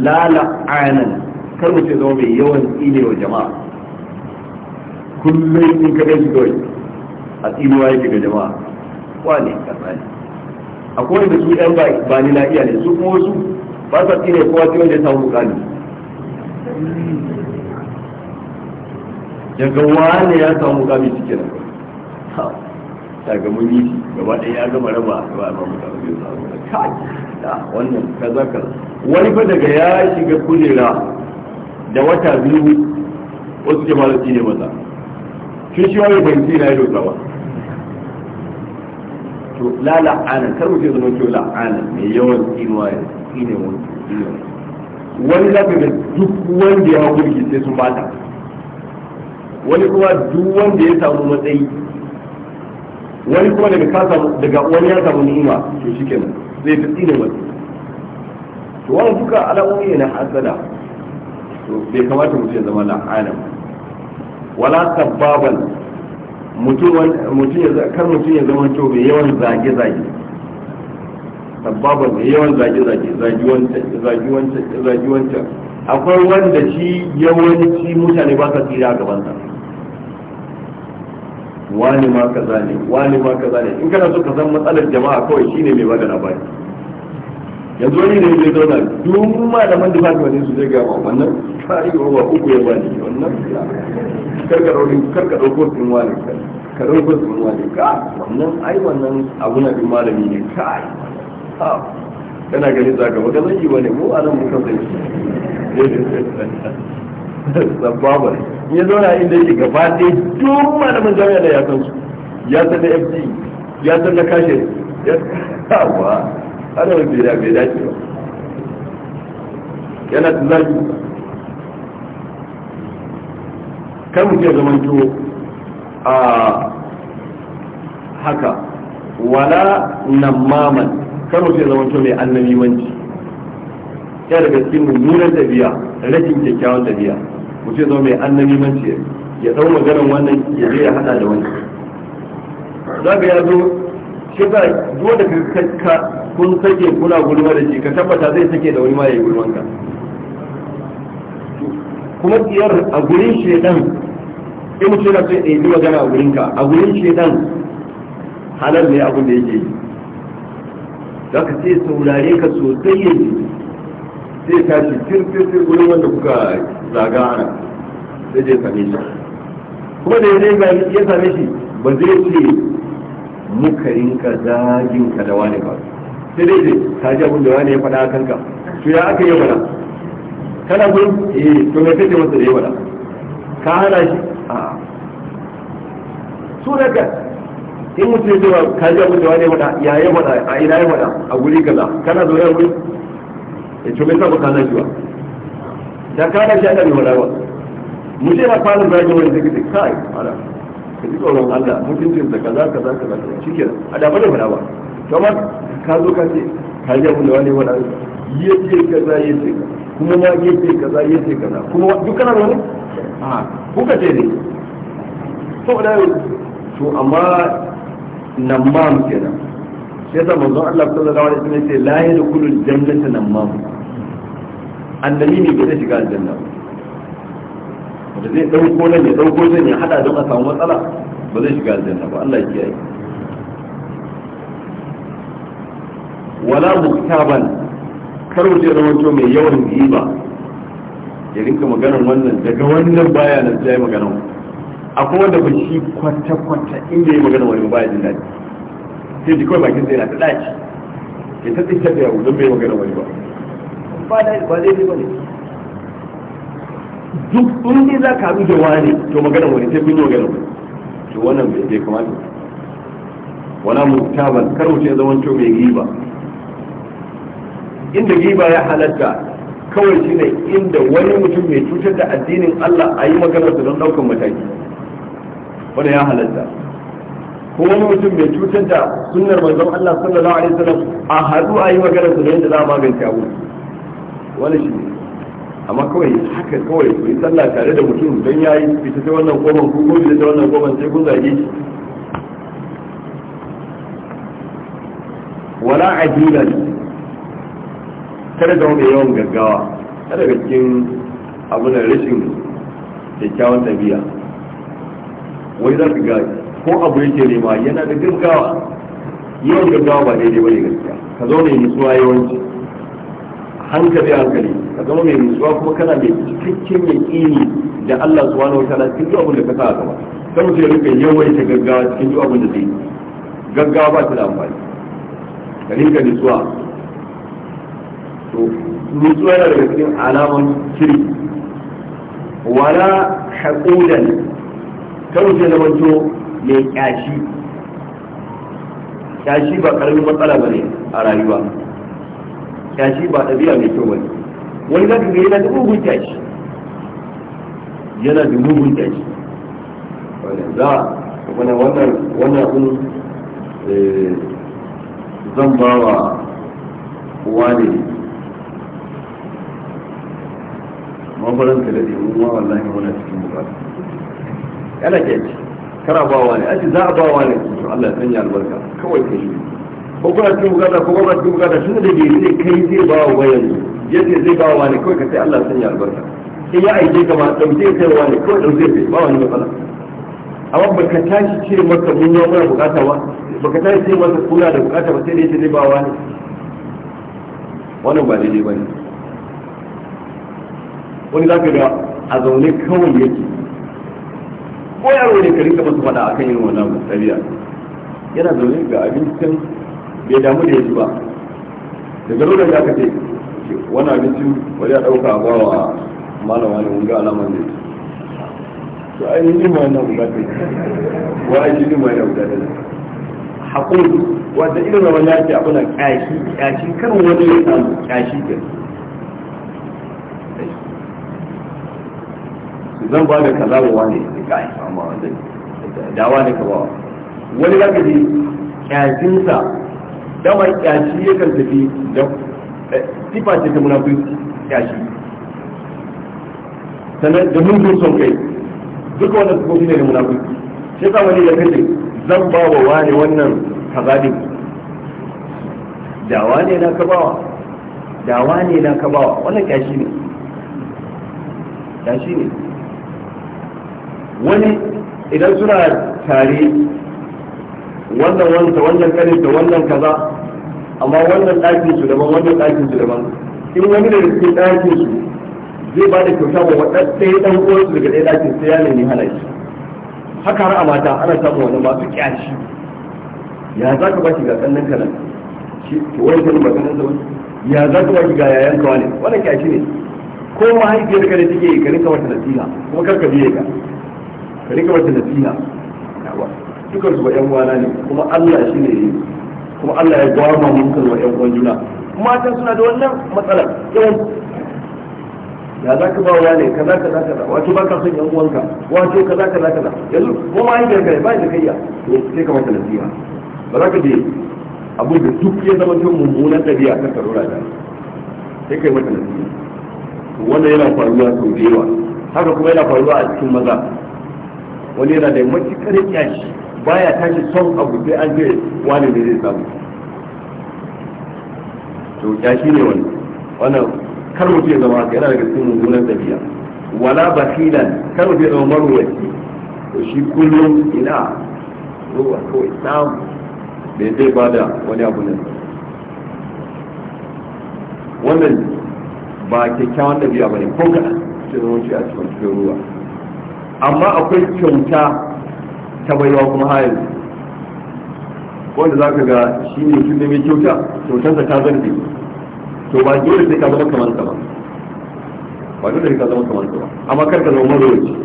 lala anan kar mutum ya zama mai yawan tsine wa jama'a kullum in ka gaji kawai a tsinuwa yake ga jama'a wane kasani akwai wanda su yan ba ni na iya ne su kuma wasu ba sa tsine kowa sai wanda ya samu mukami daga wani ya samu mukami suke nan ta ga mun yi gaba ɗaya ya gama raba gaba ya mamu kami ya samu da wannan kaza kaza wani fa daga ya shiga kujera da wata biyu wasu jama'a da ne maza shi shi wani bai tsina ya dosa ba to la la'ana kar mutum zama kyau la'ana mai yawan inuwa ya tsine wani wani zafi da duk wanda ya hau mulki sai sun bata wani kuma duk wanda ya samu matsayi wani kuma daga ka samu daga wani ya samu ni'ima to kenan zai fi tsine wani to wani duka alamomi ne na hasada to bai kamata mutum ya zama la'ana wala sababan kan mutum ya zama to mai yawan zage-zage sababa mai yawan zage-zage zagiwancan wancan akwai wanda shi yawanci mutane ba sa tsira gabansa wani ma kaza ne wani ma ka zane in kana so ka san matsalar jama'a kawai shine mai magana ba yanzu wani ne zai zauna duk malaman da ba ka wani su zai gaba wannan kari ba uku ya bani wannan karka ɗauki karka ɗauko sun wani ka ɗauko sun wani ka wannan ai wannan abu na bin malami ne kai ha kana ganin za ka baka zai wani mu a nan muka zai sababar ya zauna inda yake gaba ɗaya duk malamin jami'a da ya san su ya san na fd ya san na kashe ya kawo ana wani bai dace ba yana tunanin. Kan mu ce to a haka wala namaman kar mu ce to mai annamimanci ya daga cikin mummunan tafiya rashin kyakkyawan tafiya mu ce zama mai annamimanci ya dau maganar wannan ya je ya hada da wani. za ka ya zo shi ba duk da ka kun sake kuna gulma da shi ka tabbata zai sake da wani ma ya yi gulmanka kuma tsiyar a gurin shaidan, in mutum na sai ɗaiɗi magana a gurin ka a gurin shaidan halar ne abin da yake yi za ka sai saurare ka sosai yanzu sai tashi firfirfir gurin wanda kuka zaga ana sai dai same shi kuma da yanayi ya same shi ba zai ce mukarin ka zagin ka da wani ba sai dai ce ka ji abin da wani ya faɗa a kanka Su ya aka yi mana kana gurin eh to me kake masa da yawa ka hana shi a so daga in mutum ya cewa ka ji abin da wani wada ya yi wada a ina yi wada a guri kaza kana zo ya guri eh, ya ce mai sa baka na jiwa da hana shi ana mai wada ba mutum yana da zagi wani zai kai ana ka ji tsoron Allah mutuncin da kaza kaza kaza shi ke a da ba da wada ba kamar ka zo ka ce ka ji abin da wani wada ya ce kaza ya ce kaza kuma ma yace kaza ce kaza kuma duk kana da wani a kuka ce ne to da to amma nan ma mu kenan sai da manzon Allah sallallahu alaihi wasallam ce, la yadkhulul jannata nan ma annabi ne bai shiga aljanna da zai dauko nan ya dauko zai ya hada don a samu matsala ba zai shiga aljanna ba Allah ya kiyaye wala muktaban kar mutum ya zama to mai yawan riba ya rinka maganar wannan daga wannan baya nan sai a akwai wanda ba shi kwata kwata inda ya magana wani baya jin daɗi sai ji kawai bakin sai na ta Ke ya ta tsinta da yawo don bai magana wani ba ba da ba zai ba ne duk inda za ka da wani to magana wani sai kun yi magana wani to wannan bai kamata wala mutaban kar mutum ya to mai riba inda giba ya halatta kawai shi ne inda wani mutum mai cutar da addinin Allah a yi maganar don daukan mataki wanda ya halatta ko wani mutum mai cutar da sunnar manzon Allah sallallahu alaihi wasallam a hadu a yi magana da yadda za a magance abu wani shi amma kawai haka kawai ku yi sallah tare da mutum don ya yi fita ta wannan goban ko ko fita ta wannan goban sai kun zage shi wala adilan kada ga wani yawan gaggawa kada ga cikin abu da rashin kyakkyawan tabiya wani za ka ga ko abu yake nema yana da gaggawa yawan gaggawa ba daidai ba ne gaskiya ka zo mai nutsuwa yawanci hankali hankali ka zama mai nutsuwa kuma kana mai cikakken yaƙini da Allah subhanahu wataala cikin duk abin da ka sa a gaba sai mutum ya rika yawaita gaggawa cikin duk abin da zai gaggawa ba ta da amfani ka rinka nutsuwa nutsuwa yana daga cikin alamun kiri, wala haƙudan kawai zai wanto mai ƙyashi ƙyashi ba ƙaramin matsala ba ne a rayuwa ƙyashi ba ɗabi'a mai kyau ba ne wani za ka yana da mugun ƙyashi yana da mugun ƙyashi za a wannan wannan abin eh, zan ba wa uwa ne mabaran ka dade mu ma wallahi muna cikin bukata kana ke kana ba wani za a ba wani to Allah ya sanya albarka kawai kai ko kuna cikin bukata ko kuna cikin bukata shi da bai zai kai zai ba wa yadda zai ba wani kawai ka sai Allah sanya albarka ya aike ka ma wani kawai ba wani matsala amma tashi ce mun yi bukata ba tashi ce kuna da bukata ba sai ce zai ba wani wannan ba daidai ba ne wani za ka ga a zaune kawai yake ko yaro ne ka rinka masa faɗa akan yin wannan tsariya yana zaune ga abincin bai damu da yaji ba daga lokacin da aka wani abincin bari a dauka a wa malama ne wunga alaman ne to ai ni ma yana guda ce wa ai ni ma yana guda ce hakuri wanda irin zaman yaki abuna kashi kashi kan wani ya samu kashi kenan zan ba da kaza wa wani da kai amma wanda dawa ne ka ba wani zaka ji kyacin dama dama ya kan tafi da tifa eh, ce ta munafi kyaci sannan da mugun son kai duka wannan kofi ne da munafi shi yasa wani ya kace zan ba wa wani wannan kaza Da dawa ne na ka bawa dawa ne na ka bawa wannan kyashi ne kyashi ne wani idan suna tare wannan wanta wannan karinta wannan kaza amma wannan ɗakin su daban wannan ɗakin su daban in wani da cikin ɗakin su zai ba da kyauta ya waɗansu ɗan uwansu daga ɗaya ɗakin sai ya nemi hana shi haka har a mata ana samun wani masu kyashi ya za ka ba shi ga ƙannan kanan shi to wani kanin ba ƙannan zaune ya za ka ba shi ga yayan kawa ne Wani kyashi ne ko mahaifiyar ka da take ka rinka wata nasiha kuma kar ka biye ka ka rika mata nasiha dukan su ba yan wana ne kuma Allah shi ne kuma Allah ya gwama mun kan wa ƴan uwan juna matan suna da wannan matsalar yawan ya za ka ba wa ne kaza kaza kaza wato ba ka son ƴan uwanka wato kaza kaza kaza yanzu ko ma yin gargare ba da kayya sai ka mata nasiha ba za ka je abin da duk ya zama cikin mummunan ɗabi'a kan ka rura da sai kai mata nasiha wannan yana faruwa sau da yawa haka kuma yana faruwa a cikin maza wani yana da matuƙar kyashi baya tashi son abu sai an ce wani ne zai samu to kyashi ne wani wannan kar mutum ya zama haka yana daga cikin mummunan dabiya wala basilan kar mutum ya zama marwaci to shi kullum ina ruwa kawai samu da zai bada wani abu nan wannan ba kyakkyawan dabiya ba ne ko kaɗan sai zama shi a cikin ruwa amma akwai kyauta ta baiwa kuma hayar wanda za ka ga shi ne tun mai kyauta kyautarsa ta zarfe to ba dole sai ka zama kamar ba ba dole sai ka zama kamar ba amma kar ka zama marowaci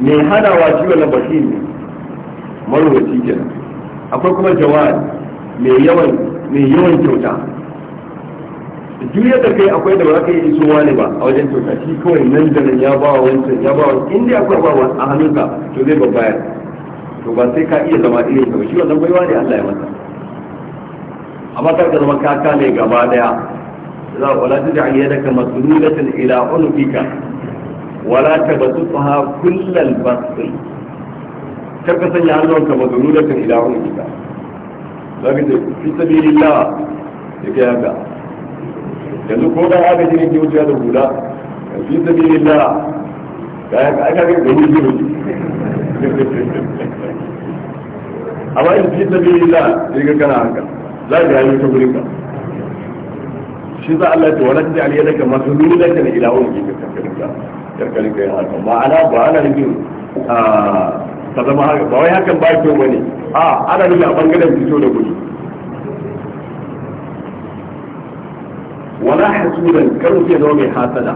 mai hadawa shi wannan bashi ne marowaci kenan akwai kuma jawar mai yawan kyauta duk yadda kai akwai da ba ka yi isowa ne ba a wajen kyauta shi kawai nan da nan ya ba wa wancan ya ba wa in dai akwai ba a hannunka to zai babbayar to ba sai ka iya zama irin ka ba shi wannan baiwa ne Allah ya masa amma kar ka zama kaka ne gaba daya za a wala tuja yadaka masululatan ila unfika wala tabasuha kullal basl kar ka sanya hannunka masululatan ila unfika zaka ce fi sabilillah yake haka yanzu ko da aka ji ne ke wuce da hula fi sabilillah kayan aka ga gani ji amma in fi sabilillah sai ga kana haka za ka yi ta gurin ka shi za Allah ta wani ta aliyar daga masu nuna ka na ilawun ke karkarinka ka. ya haka ma'ana ba ana nufin ta ah, zama haka ba wai hakan ba kyau ba ne. a ah, ana nuna a bangaren fito da gudu wala hasudan kar ke ya zama mai hasada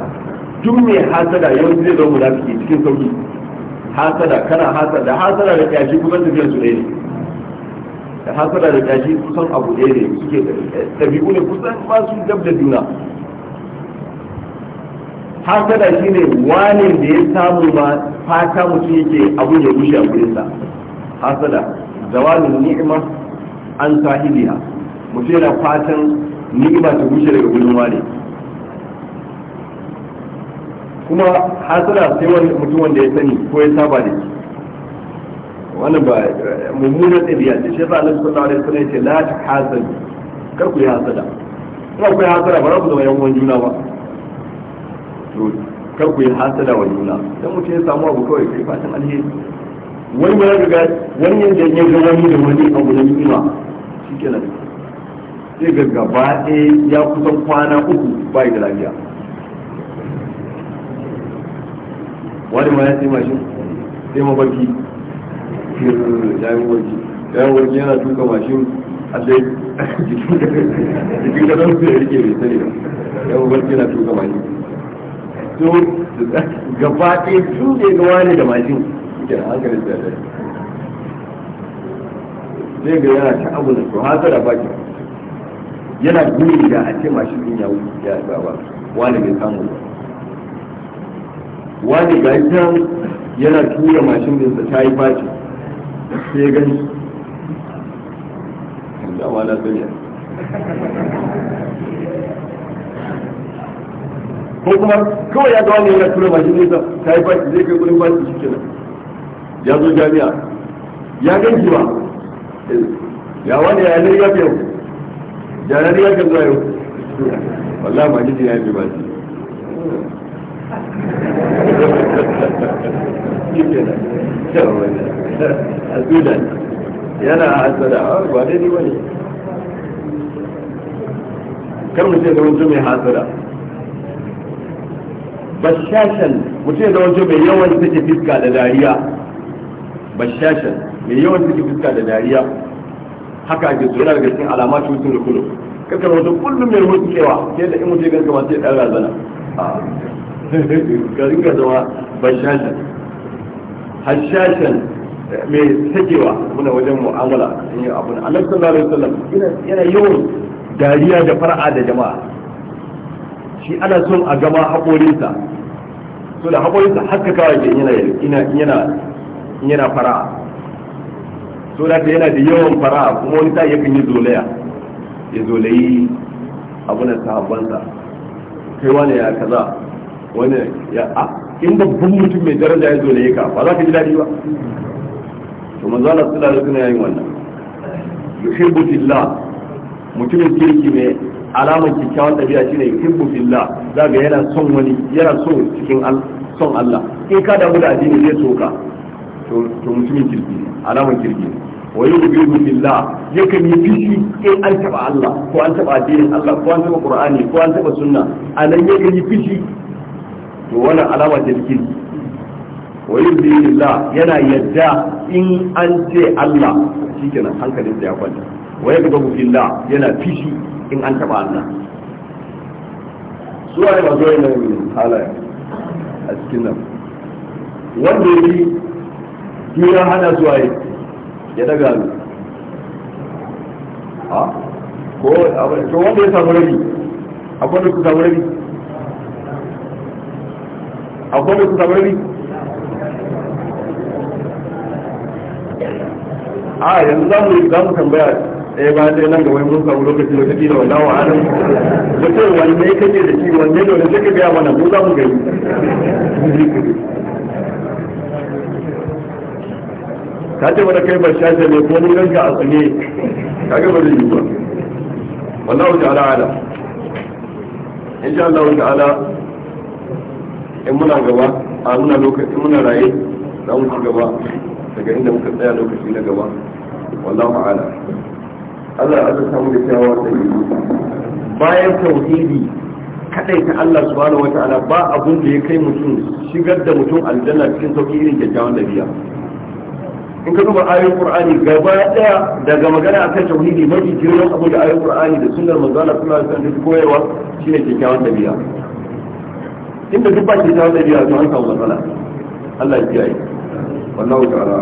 duk mai hasada yanzu zai zama munafiki cikin sauki hasada kana hasada hasada da kyashi kusan tafiyar su ne da hasada da kyashi kusan abu ɗaya ne suke eh, ɗabi'u ne kusan ba su dab da juna hasada shine wane da ya samu ma fata mutum yake abun ya rushe a gurinsa hasada zawalin ni'ima an sahiliya mutum yana fatan ni'ima ta gushe daga gudun wane kuma hasara sai wani mutum wanda ya sani ko ya saba da shi wannan ba mummunan ɗabi'a ce shi yasa Allah sallallahu alaihi wasallam yace la tahasad kar ku yi hasada kuma ku yi hasada ba za ku zama yan uwan juna ba to kar ku yi hasada wa juna dan mutum ya samu abu kawai kai fatan alheri wani ya ga wani yanda ya ga wani da wani abu da ni'ima shikenan zai ga gaba ɗaya ya kusan kwana uku bai da lafiya wani ma ya sai mashin sai ma barki yayin warki ya yi warki yana tuka mashin a sai jikin don su ya rike mai sani ba yawon barki yana tuka mashin to gaba ɗaya su ne ga wani da mashin suke da hankalin da ya sai ga yana ta abu da su hasara bakin yana guri da a ce mashin din ya wuce ya ba ba wani bai samu ba wani ga can yana tura mashin din sa ta yi faci sai ya gani da wala sanya ko kuma kawai ya ga wani yana tura mashin din sa ta yi faci zai kai gurin faci shi ya zo jami'a ya gani ba eh. ya wani ya ne ya fiye jarari ya kan zayo wallahi ma jiji ya yi ba shi a sudan yana a hasada ba dai ni bane kar mu ce da wanzu mai hasada bashashan mutum da wanzu mai yawan take fiska da dariya bashashan mai yawan take fiska da dariya haka ake so yana daga cikin alama ta hutun rukunu kakar wata kullum mai rukun cewa sai da in mutum ganka masu ya ɗan razana ka rinka zama bashashan hashashan mai sakewa muna wajen mu'amala in yi abu na annabi sallallahu alaihi wasallam yana yawan dariya da fara'a da jama'a shi ana son a gama haƙorinsa so da haƙorinsa haskakawa ke yana yana yana fara'a so da yana da yawan fara kuma wani sa'a yakan yi zolaya ya zolayi abuna sahabbansa kai wani ya kaza wani ya a in babban mutum mai daraja ya zolaye ka ba za ka ji daɗi ba to manzo Allah sallallahu alaihi wasallam yin wannan yuhibbu fillah mutumin kirki ne alamar kyakkyawan ɗabi'a shine yuhibbu fillah za ga yana son wani yana son cikin son Allah in ka damu da addini zai soka to mutumin kirki alamar kirki ne wa yughdiru billah yakan yi fishi in an taba Allah ko an taba addinin Allah ko an taba Qur'ani ko an taba sunna anan yakan yi fishi to wala alama ta dikin wa yughdiru billah yana yadda in an ce Allah shikenan hankalinsa ya kwanta wa yughdiru billah yana fishi in an taba Allah su ne masu yin halaye a cikin nan wanda ya yi hana zuwa yi ya daga hannu a ko to wanda ya samu rabi akwai da ku samu rabi akwai da ku samu rabi a yanzu za mu za mu tambaya ɗaya eh, ba ɗaya nan ga wani mun samu lokaci da wata kila wanda wa alam mutum wanne kake da shi wanne da wani suka biya mana mu za mu gani ka ce wani kai bashashe ne ko ni ranka a tsaye ka ga ba zai yi ba wallahu ta'ala ala insha Allah ta'ala in muna gaba a muna lokacin muna raye za mu ci gaba daga inda muka tsaya lokaci na gaba wallahu ala Allah ya samu da kyawawa ta yi bayan tauhidi kadai ta Allah subhanahu wataala ba abun da ya kai mutum shigar da mutum aljanna cikin sauki irin kyakkyawan dabi'a in ka duba ayoyin qur'ani gaba daya daga magana akan tauhidi mafi girman abu da ayoyin qur'ani da sunnar manzo Allah sallallahu alaihi wasallam koyarwa shine kikkiawan dabi'a inda duk ba ke kikkiawan dabi'a to an samu matsala Allah ya kiyaye wallahu ta'ala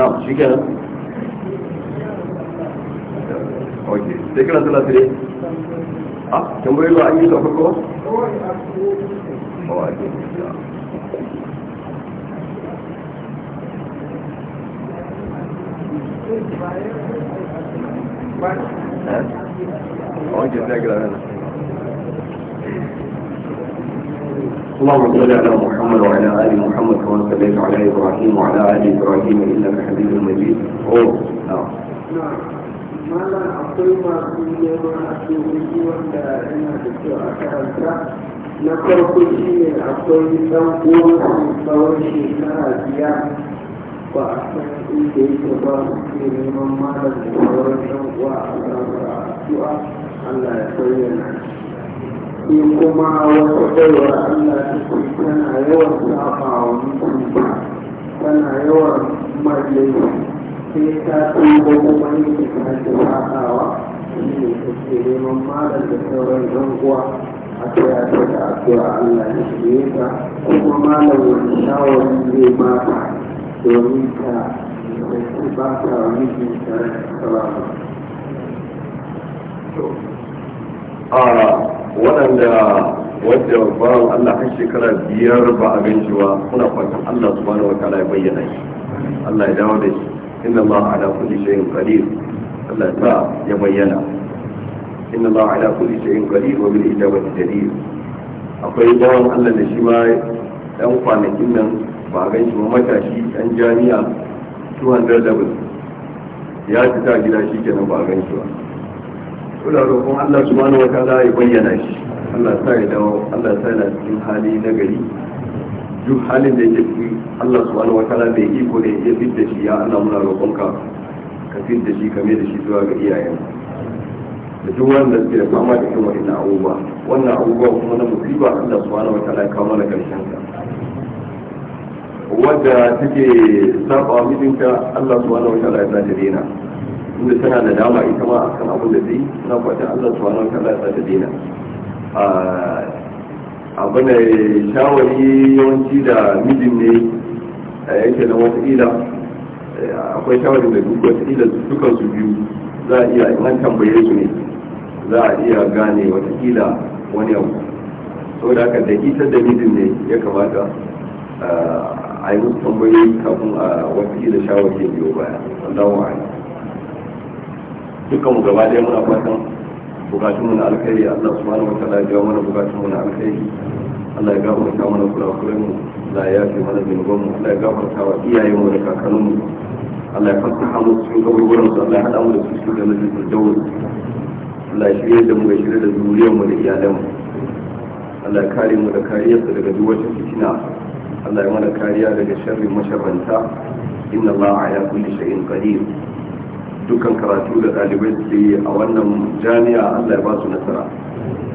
na'am shi kenan okay sai kana sallah sai ah tambayoyi ba an yi ta farko ba اللهم صل على محمد وعلى ال محمد كما صليت على ابراهيم وعلى ال ابراهيم الا حميد مجيد او آه. نعم نعم ماذا اقول ما في يوم الاخير في وقت ان الدكتور اكرم نقرا كل شيء اقول لكم ba a san inda ba suke neman malam da sauran yan Allah ya kuma wata baiwar Allah ta ce tana yawan saba wa mutunta tana yawan mallaki. sai ta tuba kuma yake sake sabawa shi ne neman malam da sauran yan a tsaya ta da addu'a Allah ya shirye ta kuma malam wani shawarar zai mata domin ka ɗauki ba ka mijin ka salama. A waɗanda wadda bawan Allah har shekara biyar ba a gan shi ba muna fatan Allah subhanahu wa ta'ala ya bayyana shi Allah ya dawo da shi inna a ala kulli shay'in qadir Allah ya sa ya bayyana inna a ala kulli shay'in qadir wa bil ijabati jadir akwai bawan Allah da shi ma ɗan kwanakin nan ba a gan shi ba matashi ɗan jami'a 200 level ya ci ta gida shi kenan ba a gan shi ba kuna roƙon Allah wata za a ya bayyana shi Allah sa ya dawo Allah sa yana cikin hali na gari duk halin da yake ciki Allah su wa wata bai iko da ya fit da shi ya Allah muna roƙonka ka fit da shi ka da shi zuwa ga iyayen da duk wanda suke da fama da kuma ina abubuwa wannan abubuwa kuma na musiba Allah su wa wata ya kawo mana karshen ka wadda take saba mijinta Allah subhanahu wataala ya sace dina inda tana da dama ita ma akan abin da zai na fata Allah subhanahu wataala ya sace dina abu da shawari yawanci da mijin ne eh, yake na wata ila eh, akwai shawari da duk wata ila dukan su biyu za a iya in tambaye su ne za a iya gane wata ila wani abu saboda haka da ita da mijin ne ya kamata eh, a yi wasu tambayoyi kafin a wasu da shawar ke biyo baya wallahu a'lam dukkan gaba ɗaya muna fatan bukatun mu na alkhairi Allah subhanahu wa ta'ala ya mana bukatun mu na alkhairi Allah ya gafarta mana kurakurai mu Allah ya yafe mana zunuban mu Allah ya gafarta wa iyayen mu da kakannin mu Allah ya fasaha mu cikin kaburburan su Allah ya hada mu da su cikin da nufin dawud Allah ya shirya da mu ya shirya da zuriyar mu da iyalan mu Allah ya kare mu da kariyarsa daga duk wata fitina Allah ya mana kariya daga sharrin masharranta inna Allah ala kulli shay'in qadir dukkan karatu da dalibai suke yi a wannan jami'a Allah ya ba su nasara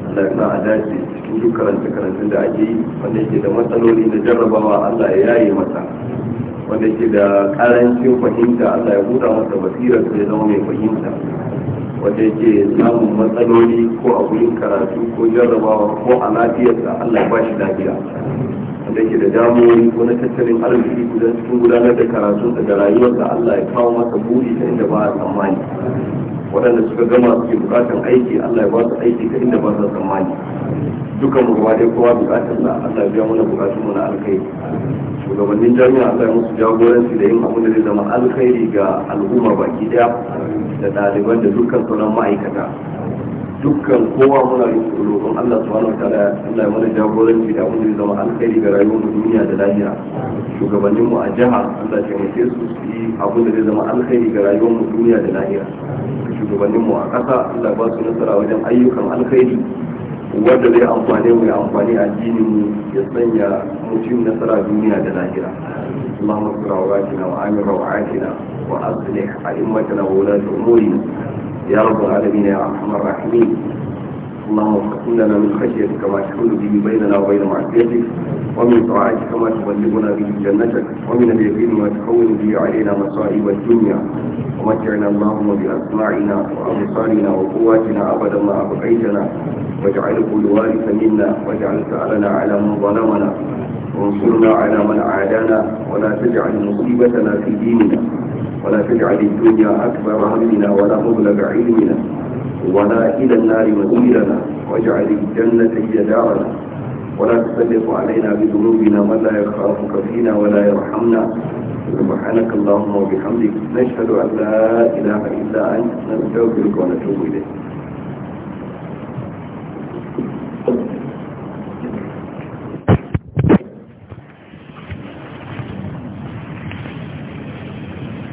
Allah ya a dace cikin duk karanta karantun da ake yi wanda yake da matsaloli da jarrabawa Allah ya yaye masa wanda yake da karancin fahimta Allah ya buɗa masa basira ya zama mai fahimta wanda yake samun matsaloli ko a wurin karatu ko jarrabawa ko a lafiyarsa Allah ya bashi lafiya da ke da damuwoyi ko na tattalin arziki gudan cikin gudanar da karatu daga rayuwarsa Allah ya kawo masa buri ta inda ba a tsammani waɗanda suka gama suke bukatan aiki Allah ya ba su aiki ta inda ba su tsammani dukan mu gaba dai kowa bukatun da Allah ya biya mana bukatun mu na alkhairi shugabannin jami'a Allah ya musu jagoranci da yin abin da zai zama alkhairi ga al'umma baki daya da ɗaliban da dukkan sauran ma'aikata dukkan kowa muna yin roƙon Allah subhanahu wataala Allah ya mana jagoranci da abin da zama alkhairi ga rayuwar mu duniya da lahira shugabannin mu a jiha Allah ya mace su su yi abin da zai zama alkhairi ga rayuwar mu duniya da lahira shugabannin mu a ƙasa Allah ba su nasara wajen ayyukan alkhairi wanda zai amfane mu ya amfani a addinin mu ya sanya mutum nasara duniya da lahira اللهم اغفر عوراتنا وآمن روعاتنا وأصلح أئمتنا وولاة أمورنا يا رب العالمين يا ارحم الراحمين اللهم وفقنا لنا من خشيتك ما تحول به بيننا وبين معصيتك ومن طاعتك ما تبلغنا به جنتك ومن اليقين ما تحول به علينا مصائب الدنيا ومتعنا اللهم بأسماعنا وأبصارنا وقواتنا أبدا ما أبقيتنا واجعله الوارث منا واجعل ثأرنا على من ظلمنا وانصرنا على من عادانا ولا تجعل مصيبتنا في ديننا ولا تجعل الدنيا أكبر همنا ولا مبلغ علمنا ولا إلى النار مسيرنا واجعل الجنة هي دارنا ولا تسلط علينا بذنوبنا من لا يخافك فينا ولا يرحمنا سبحانك اللهم وبحمدك نشهد أن لا إله إلا أنت نستغفرك ونتوب إليك